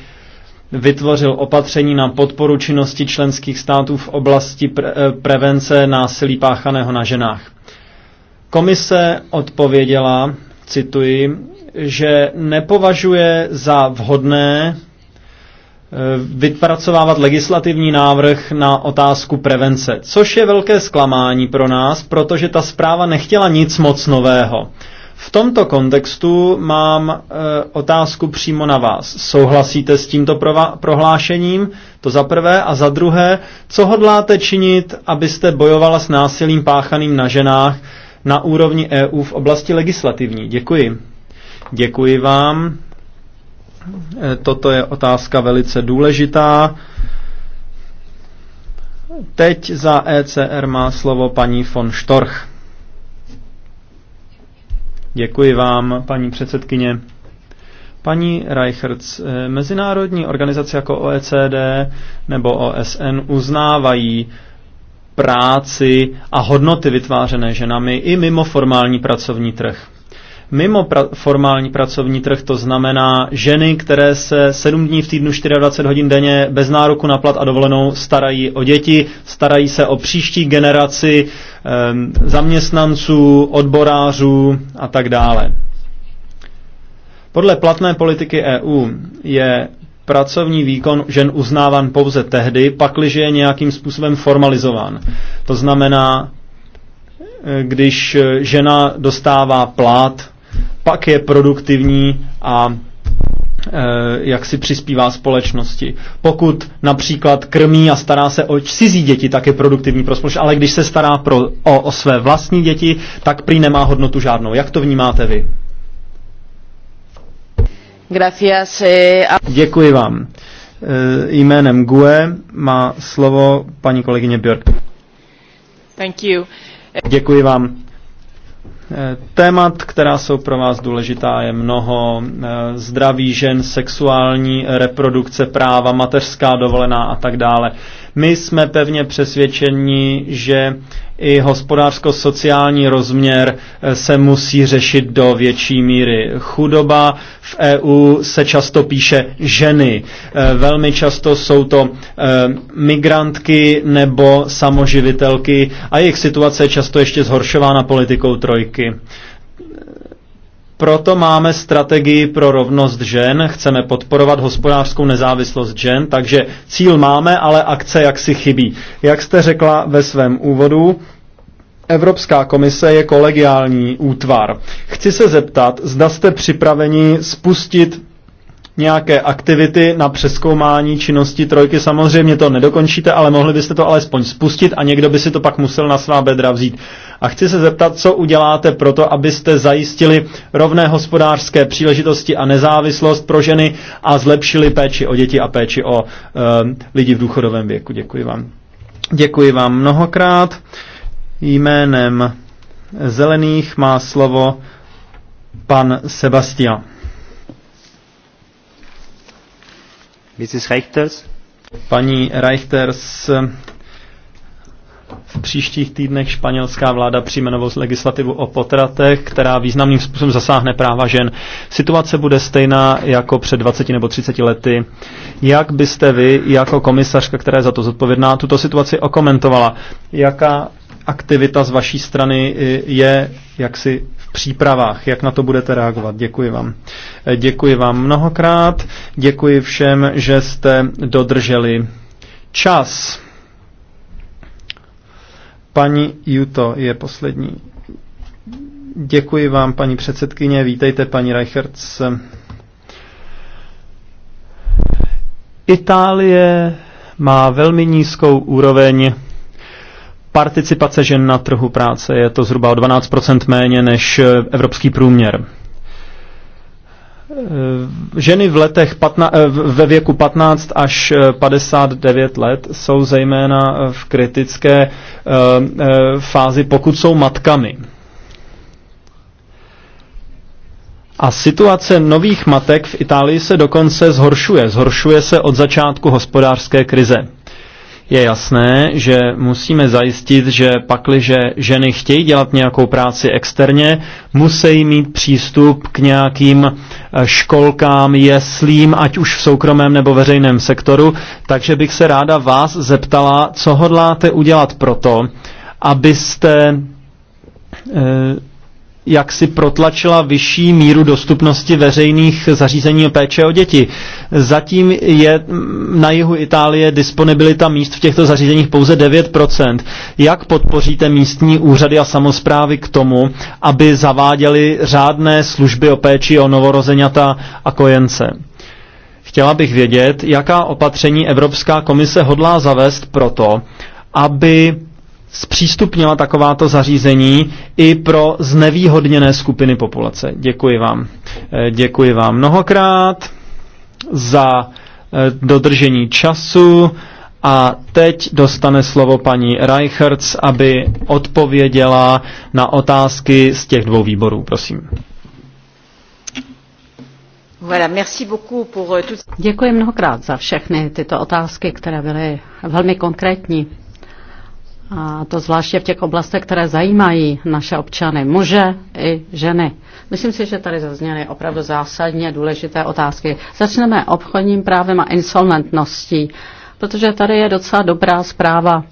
vytvořil opatření na podporu činnosti členských států v oblasti pre- eh, prevence násilí páchaného na ženách. Komise odpověděla, cituji, že nepovažuje za vhodné eh, vypracovávat legislativní návrh na otázku prevence, což je velké zklamání pro nás, protože ta zpráva nechtěla nic moc nového. V tomto kontextu mám e, otázku přímo na vás. Souhlasíte s tímto prohlášením? To za prvé. A za druhé, co hodláte činit, abyste bojovala s násilím páchaným na ženách, na úrovni EU v oblasti legislativní. Děkuji. Děkuji vám. E, toto je otázka velice důležitá. Teď za ECR má slovo paní von Storch. Děkuji vám, paní předsedkyně. Paní Reichertz, e, mezinárodní organizace jako OECD nebo OSN uznávají práci a hodnoty vytvářené ženami i mimo formální pracovní trh. Mimo pra- formální pracovní trh to znamená ženy, které se 7 dní v týdnu 24 hodin denně bez nároku na plat a dovolenou starají o děti, starají se o příští generaci eh, zaměstnanců, odborářů a tak dále. Podle platné politiky EU je pracovní výkon žen uznáván pouze tehdy, pakliže je nějakým způsobem formalizován. To znamená, eh, když eh, žena dostává plát, pak je produktivní a eh, jak si přispívá společnosti. Pokud například krmí a stará se o cizí děti, tak je produktivní pro společnost, ale když se stará pro, o, o své vlastní děti, tak prý nemá hodnotu žádnou. Jak to vnímáte vy? Eh, Děkuji vám. Eh, jménem GUE má slovo paní kolegyně Björk. Thank you. Děkuji vám. Témat, která jsou pro vás důležitá, je mnoho. Zdraví žen, sexuální reprodukce, práva, mateřská dovolená a tak dále. My jsme pevně přesvědčeni, že i hospodářsko-sociální rozměr se musí řešit do větší míry. Chudoba v EU se často píše ženy. Velmi často jsou to eh, migrantky nebo samoživitelky a jejich situace je často ještě zhoršována politikou trojky roky. Proto máme strategii pro rovnost žen, chceme podporovat hospodářskou nezávislost žen, takže cíl máme, ale akce jaksi chybí. Jak jste řekla ve svém úvodu, Evropská komise je kolegiální útvar. Chci se zeptat, zda jste připraveni spustit nějaké aktivity na přeskoumání činnosti trojky. Samozřejmě to nedokončíte, ale mohli byste to alespoň spustit a někdo by si to pak musel na svá bedra vzít. A chci se zeptat, co uděláte pro to, abyste zajistili rovné hospodářské příležitosti a nezávislost pro ženy a zlepšili péči o děti a péči o e, lidi v důchodovém věku. Děkuji vám. Děkuji vám mnohokrát. Jménem zelených má slovo pan Sebastian. Reichters. Paní Reichters, v příštích týdnech španělská vláda přijme novou legislativu o potratech, která významným způsobem zasáhne práva žen. Situace bude stejná jako před 20 nebo 30 lety. Jak byste vy, jako komisařka, která je za to zodpovědná, tuto situaci okomentovala? Jaká aktivita z vaší strany je jaksi přípravách. Jak na to budete reagovat? Děkuji vám. Eh, děkuji vám mnohokrát. Děkuji všem, že jste dodrželi čas. Paní Juto je poslední. Děkuji vám, paní předsedkyně. Vítejte, paní Reichertz. Itálie má velmi nízkou úroveň Participace žen na trhu práce je to zhruba o 12% méně než evropský průměr. Eh, ženy v letech patna, eh, ve věku 15 až 59 eh, let jsou zejména v kritické fázi, pokud jsou matkami. A situace nových matek v Itálii se dokonce zhoršuje. Zhoršuje se od začátku hospodářské krize je jasné, že musíme zajistit, že pakliže ženy chtějí dělat nějakou práci externě, musí mít přístup k nějakým eh, školkám, jeslím, ať už v soukromém nebo veřejném sektoru. Takže bych se ráda vás zeptala, co hodláte udělat proto, abyste eh, jak si protlačila vyšší míru dostupnosti veřejných zařízení o péče o děti. Zatím je na jihu Itálie disponibilita míst v těchto zařízeních pouze 9%. Jak podpoříte místní úřady a samozprávy k tomu, aby zaváděly řádné služby o péči o novorozeňata a kojence? Chtěla bych vědět, jaká opatření Evropská komise hodlá zavést proto, aby zpřístupnila takováto zařízení i pro znevýhodněné skupiny populace. Děkuji vám. Eh, děkuji vám mnohokrát za eh, dodržení času a teď dostane slovo paní Reichertz, aby odpověděla na otázky z těch dvou výborů. Prosím. Euh, děkuji mnohokrát za všechny tyto otázky, které byly velmi konkrétní. A to zvláště v těch oblastech, které zajímají naše občany, muže i ženy. Myslím si, že tady zazněly opravdu zásadně důležité otázky. Začneme obchodním právem a insolventností, protože tady je docela dobrá zpráva.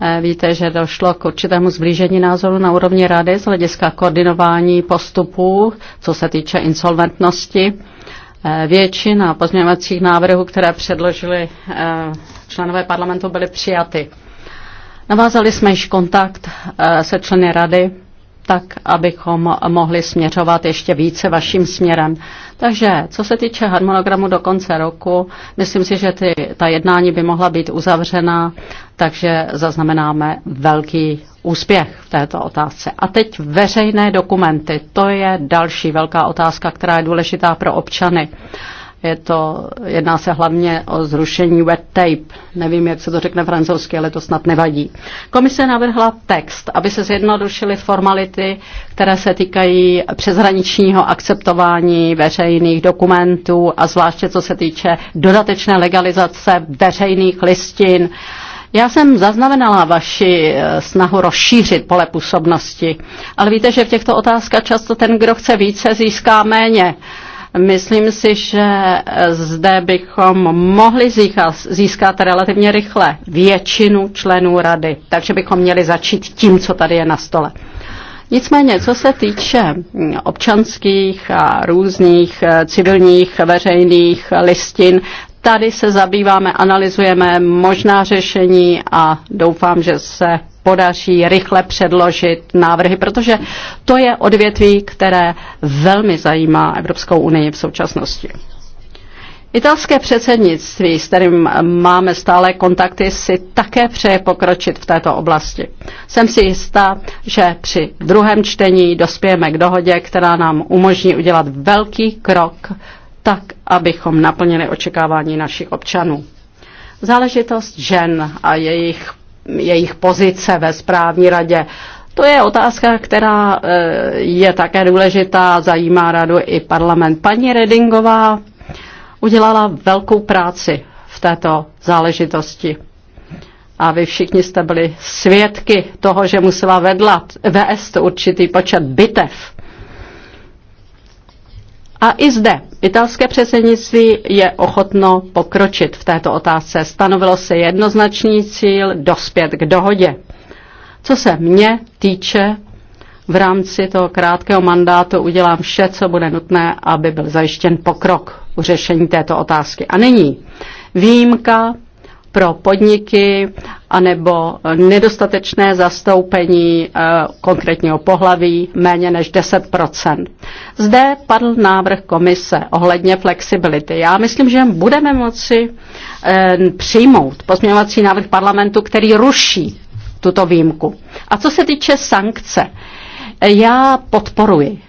Eh, víte, že došlo k určitému zblížení názoru na úrovni rady z hlediska koordinování postupů, co se týče insolventnosti. Eh, většina pozměňovacích návrhů, které předložili eh, členové parlamentu, byly přijaty. Navázali jsme již kontakt eh, se členy rady, tak abychom mohli směřovat ještě více vaším směrem. Takže co se týče harmonogramu do konce roku, myslím si, že ty, ta jednání by mohla být uzavřena, takže zaznamenáme velký úspěch v této otázce. A teď veřejné dokumenty, to je další velká otázka, která je důležitá pro občany. Uh, je to, jedná se hlavně o zrušení wet tape. Nevím, jak se to řekne francouzsky, ale to snad nevadí. Komise navrhla text, aby se zjednodušily formality, které se týkají přeshraničního akceptování veřejných dokumentů a zvláště co se týče dodatečné legalizace veřejných listin. Já jsem zaznamenala vaši eh, snahu rozšířit pole působnosti, ale víte, že v těchto otázkách často ten, kdo chce více, získá méně. Myslím si, že zde bychom mohli získat, získat relativně rychle většinu členů rady, takže bychom měli začít tím, co tady je na stole. Nicméně, co se týče občanských a různých eh, civilních veřejných listin, tady se zabýváme, analyzujeme možná řešení a doufám, že se podaří rychle předložit návrhy, protože to je odvětví, které velmi zajímá Evropskou unii v současnosti. Italské předsednictví, s kterým máme stále kontakty, si také přeje pokročit v této oblasti. Jsem si jistá, že při druhém čtení dospějeme k dohodě, která nám umožní udělat velký krok tak, abychom naplnili očekávání našich občanů. Záležitost žen a jejich jejich pozice ve správní radě. To je otázka, která e, je také důležitá, zajímá radu i parlament. Paní Redingová udělala velkou práci v této záležitosti. A vy všichni jste byli svědky toho, že musela vedlat, vést určitý počet bitev. A i zde italské předsednictví je ochotno pokročit v této otázce. Stanovilo se jednoznačný cíl dospět k dohodě. Co se mě týče, v rámci toho krátkého mandátu udělám vše, co bude nutné, aby byl zajištěn pokrok u řešení této otázky. A nyní výjimka pro podniky anebo nedostatečné zastoupení eh, konkrétního pohlaví méně než 10 Zde padl návrh komise ohledně flexibility. Já myslím, že budeme moci eh, přijmout pozměňovací návrh parlamentu, který ruší tuto výjimku. A co se týče sankce, já podporuji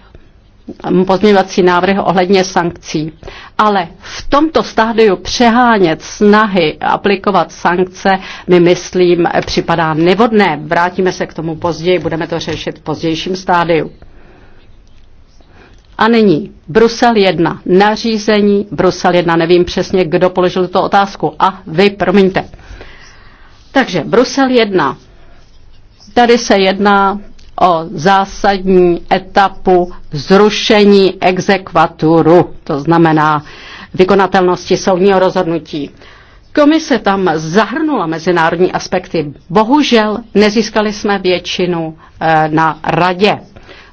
pozměňovací návrh ohledně sankcí. Ale v tomto stádiu přehánět snahy aplikovat sankce my myslím, připadá nevodné. Vrátíme se k tomu později, budeme to řešit v pozdějším stádiu. A nyní Brusel 1, nařízení Brusel 1, nevím přesně, kdo položil tuto otázku. A vy, promiňte. Takže Brusel 1, tady se jedná o zásadní etapu zrušení exekvaturu, to znamená vykonatelnosti soudního rozhodnutí. Komise tam zahrnula mezinárodní aspekty. Bohužel nezískali jsme většinu eh, na radě.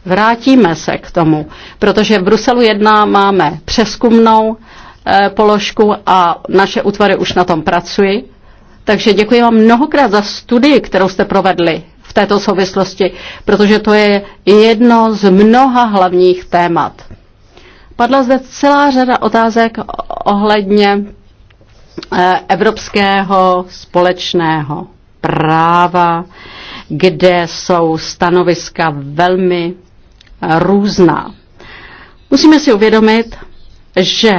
Vrátíme se k tomu, protože v Bruselu 1 máme přeskumnou eh, položku a naše útvary už na tom pracují. Takže děkuji vám mnohokrát za studii, kterou jste provedli v této souvislosti, protože to je jedno z mnoha hlavních témat. Padla zde celá řada otázek ohledně eh, evropského společného práva, kde jsou stanoviska velmi eh, různá. Musíme si uvědomit, že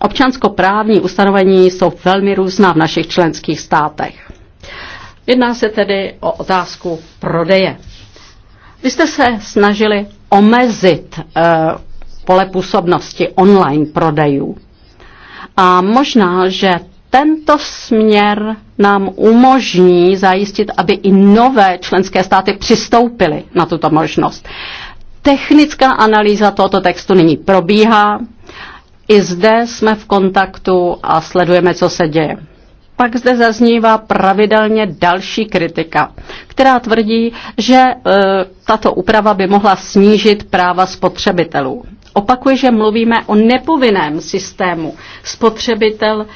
občanskoprávní ustanovení jsou velmi různá v našich členských státech. Jedná se tedy o otázku prodeje. Vy jste se snažili omezit eh, pole působnosti online prodejů. A možná, že tento směr nám umožní zajistit, aby i nové členské státy přistoupily na tuto možnost. Technická analýza tohoto textu nyní probíhá. I zde jsme v kontaktu a sledujeme, co se děje pak zde zaznívá pravidelně další kritika, která tvrdí, že e, tato úprava by mohla snížit práva spotřebitelů. Opakuje, že mluvíme o nepovinném systému. Spotřebitel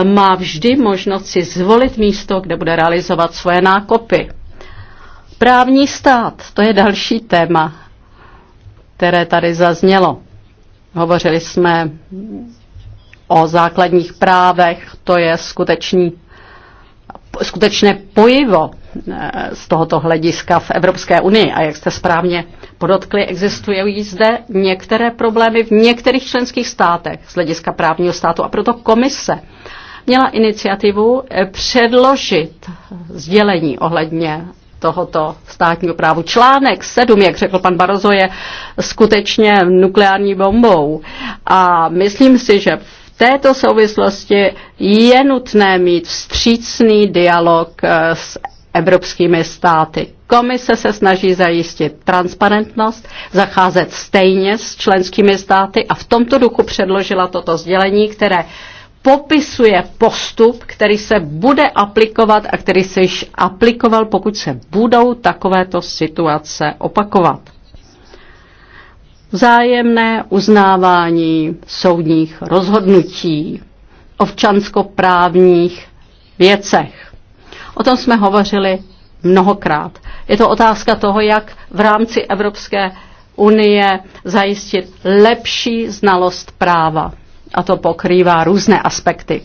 e, má vždy možnost si zvolit místo, kde bude realizovat svoje nákopy. Právní stát, to je další téma, které tady zaznělo. Hovořili jsme o základních právech, to je skutečný, skutečné pojivo eh, z tohoto hlediska v Evropské unii. A jak jste správně podotkli, existují zde některé problémy v některých členských státech z hlediska právního státu a proto komise měla iniciativu eh, předložit sdělení ohledně tohoto státního právu. Článek 7, jak řekl pan Barozo, je skutečně nukleární bombou. A myslím si, že této souvislosti je nutné mít vstřícný dialog eh, s evropskými státy. Komise se snaží zajistit transparentnost, zacházet stejně s členskými státy a v tomto duchu předložila toto sdělení, které popisuje postup, který se bude aplikovat a který se již aplikoval, pokud se budou takovéto situace opakovat vzájemné uznávání soudních rozhodnutí ovčanskoprávních věcech. O tom jsme hovořili mnohokrát. Je to otázka toho, jak v rámci Evropské unie zajistit lepší znalost práva. A to pokrývá různé aspekty.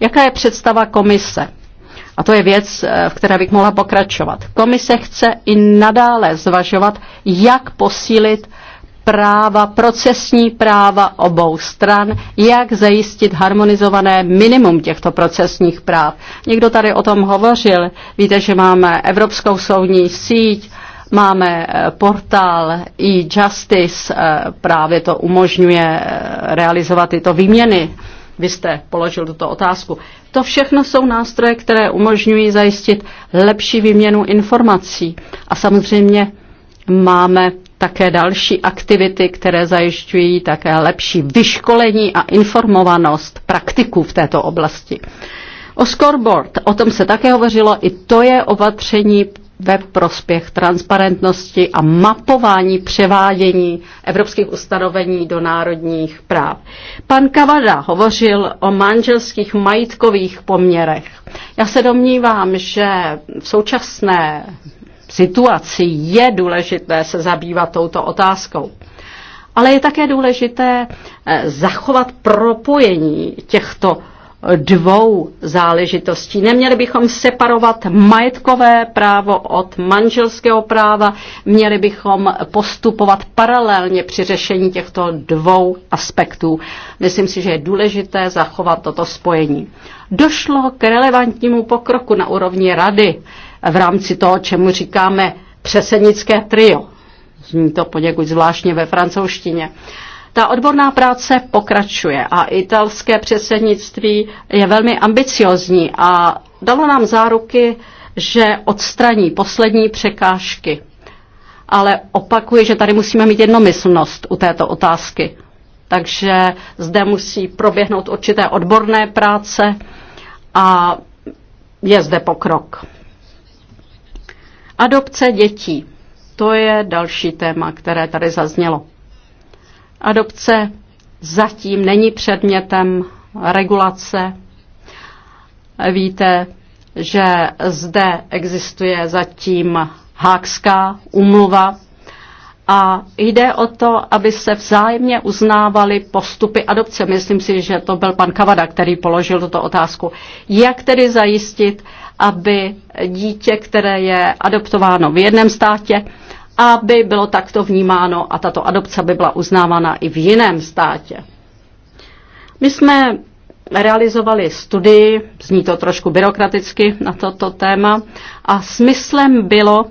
Jaká je představa komise? A to je věc, eh, v které bych mohla pokračovat. Komise chce i nadále zvažovat, jak posílit práva, procesní práva obou stran, jak zajistit harmonizované minimum těchto procesních práv. Někdo tady o tom hovořil. Víte, že máme Evropskou soudní síť, máme eh, portál e-justice, eh, právě to umožňuje eh, realizovat tyto výměny. Vy jste položil tuto otázku. To všechno jsou nástroje, které umožňují zajistit lepší výměnu informací. A samozřejmě máme také další aktivity, které zajišťují také lepší vyškolení a informovanost praktiků v této oblasti. O scoreboard, o tom se také hovořilo, i to je opatření ve prospěch transparentnosti a mapování převádění evropských ustanovení do národních práv. Pan Kavada hovořil o manželských majitkových poměrech. Já se domnívám, že v současné situaci je důležité se zabývat touto otázkou. Ale je také důležité eh, zachovat propojení těchto dvou záležitostí. Neměli bychom separovat majetkové právo od manželského práva, měli bychom postupovat paralelně při řešení těchto dvou aspektů. Myslím si, že je důležité zachovat toto spojení. Došlo k relevantnímu pokroku na úrovni rady v rámci toho, čemu říkáme přesednické trio. Zní to poněkud zvláštně ve francouzštině. Ta odborná práce pokračuje a italské předsednictví je velmi ambiciozní a dalo nám záruky, že odstraní poslední překážky. Ale opakuji, že tady musíme mít jednomyslnost u této otázky. Takže zde musí proběhnout určité odborné práce a je zde pokrok. Adopce dětí. To je další téma, které tady zaznělo. Adopce zatím není předmětem regulace. Víte, že zde existuje zatím Hákská umluva a jde o to, aby se vzájemně uznávaly postupy adopce. Myslím si, že to byl pan Kavada, který položil tuto otázku. Jak tedy zajistit, aby dítě, které je adoptováno v jednom státě, aby bylo takto vnímáno a tato adopce by byla uznávána i v jiném státě. My jsme realizovali studii, zní to trošku byrokraticky na toto téma, a smyslem bylo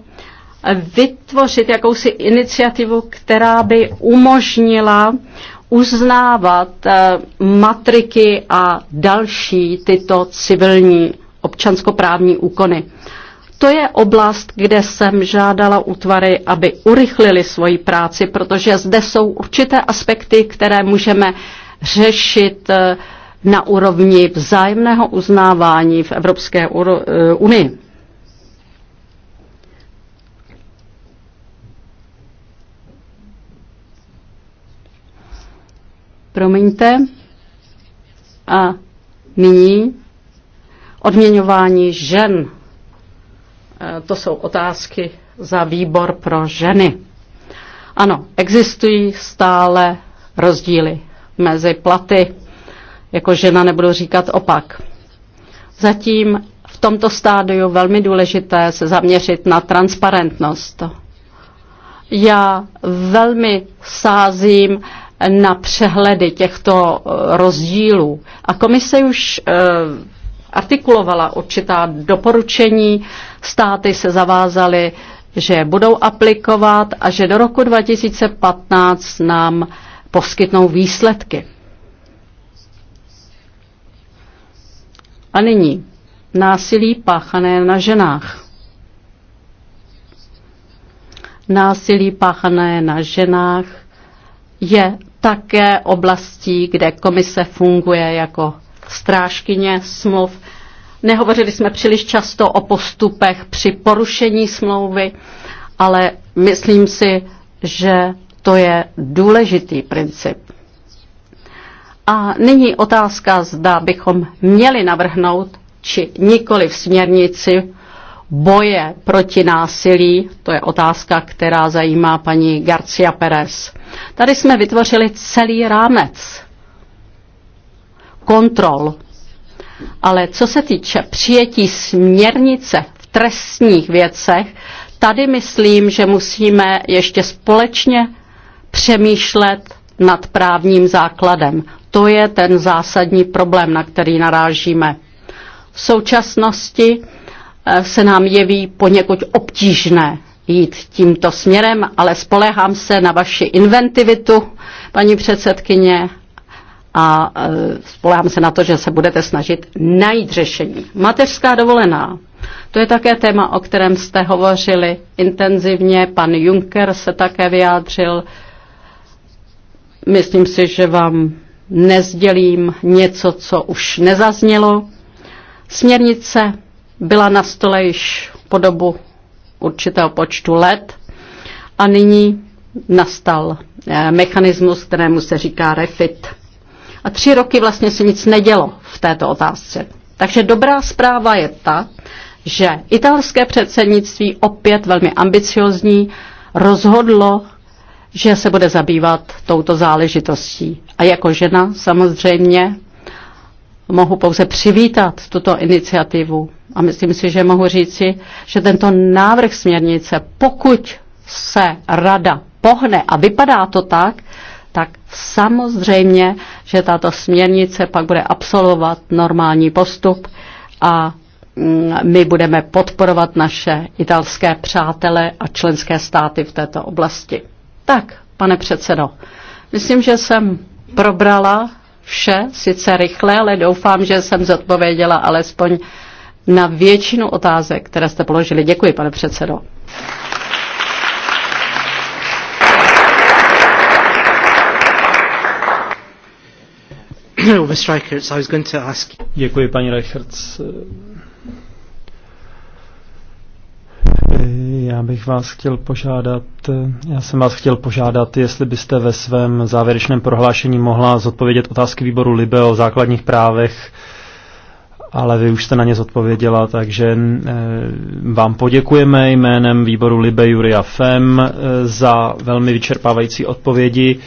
vytvořit jakousi iniciativu, která by umožnila uznávat eh, matriky a další tyto civilní občanskoprávní úkony. To je oblast, kde jsem žádala útvary, aby urychlili svoji práci, protože zde jsou určité aspekty, které můžeme řešit eh, na úrovni vzájemného uznávání v Evropské eh, unii. Promiňte. A nyní odměňování žen. Eh, to jsou otázky za výbor pro ženy. Ano, existují stále rozdíly mezi platy. Jako žena nebudu říkat opak. Zatím v tomto stádiu velmi důležité se zaměřit na transparentnost. Já velmi sázím na přehledy těchto eh, rozdílů. A komise už eh, artikulovala určitá doporučení, státy se zavázaly, že budou aplikovat a že do roku 2015 nám poskytnou výsledky. A nyní násilí páchané na ženách. Násilí páchané na ženách je také oblastí, kde komise funguje jako strážkyně smluv. Nehovořili jsme příliš často o postupech při porušení smlouvy, ale myslím si, že to je důležitý princip. A nyní otázka, zda bychom měli navrhnout, či nikoli v směrnici boje proti násilí, to je otázka, která zajímá paní Garcia Perez. Tady jsme vytvořili celý rámec kontrol. Ale co se týče přijetí směrnice v trestních věcech, tady myslím, že musíme ještě společně přemýšlet nad právním základem. To je ten zásadní problém, na který narážíme. V současnosti eh, se nám jeví poněkud obtížné jít tímto směrem, ale spolehám se na vaši inventivitu, paní předsedkyně, a e, spolehám se na to, že se budete snažit najít řešení. Mateřská dovolená. To je také téma, o kterém jste hovořili intenzivně. Pan Juncker se také vyjádřil. Myslím si, že vám nezdělím něco, co už nezaznělo. Směrnice byla na stole již po dobu určitého počtu let a nyní nastal e, mechanismus, kterému se říká refit a tři roky vlastně se nic nedělo v této otázce. Takže dobrá zpráva je ta, že italské předsednictví opět velmi ambiciozní rozhodlo, že se bude zabývat touto záležitostí. A jako žena samozřejmě mohu pouze přivítat tuto iniciativu. A myslím si, že mohu říci, že tento návrh směrnice, pokud se rada pohne a vypadá to tak, tak samozřejmě, že tato směrnice pak bude absolvovat normální postup a mm, my budeme podporovat naše italské přátele a členské státy v této oblasti. Tak, pane předsedo, myslím, že jsem probrala vše, sice rychle, ale doufám, že jsem zodpověděla alespoň na většinu otázek, které jste položili. Děkuji, pane předsedo. Děkuji, paní Reichertz. Já bych vás chtěl požádat, já jsem vás chtěl požádat, jestli byste ve svém závěrečném prohlášení mohla zodpovědět otázky výboru Libe o základních právech, ale vy už jste na ně zodpověděla, takže eh, vám poděkujeme jménem výboru Libe Juria Fem eh, za velmi vyčerpávající odpovědi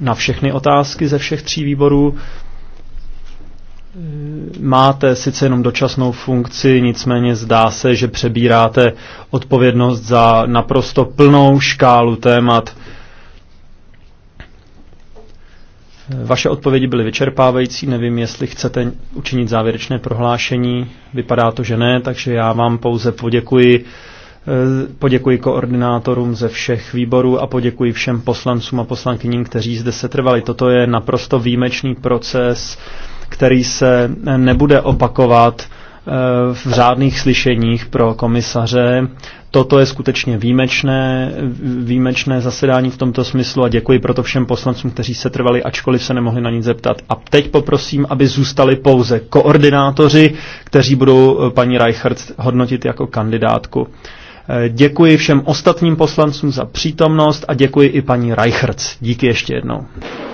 na všechny otázky ze všech tří výborů máte sice jenom dočasnou funkci, nicméně zdá se, že přebíráte odpovědnost za naprosto plnou škálu témat. Vaše odpovědi byly vyčerpávající, nevím, jestli chcete učinit závěrečné prohlášení. Vypadá to, že ne, takže já vám pouze poděkuji. Eh, poděkuji koordinátorům ze všech výborů a poděkuji všem poslancům a poslankyním, kteří zde setrvali. Toto je naprosto výjimečný proces který se nebude opakovat eh, v řádných slyšeních pro komisaře. Toto je skutečně výjimečné, výjimečné zasedání v tomto smyslu a děkuji proto všem poslancům, kteří se trvali, ačkoliv se nemohli na nic zeptat. A teď poprosím, aby zůstali pouze koordinátoři, kteří budou eh, paní Reichert hodnotit jako kandidátku. Eh, děkuji všem ostatním poslancům za přítomnost a děkuji i paní Reichert. Díky ještě jednou.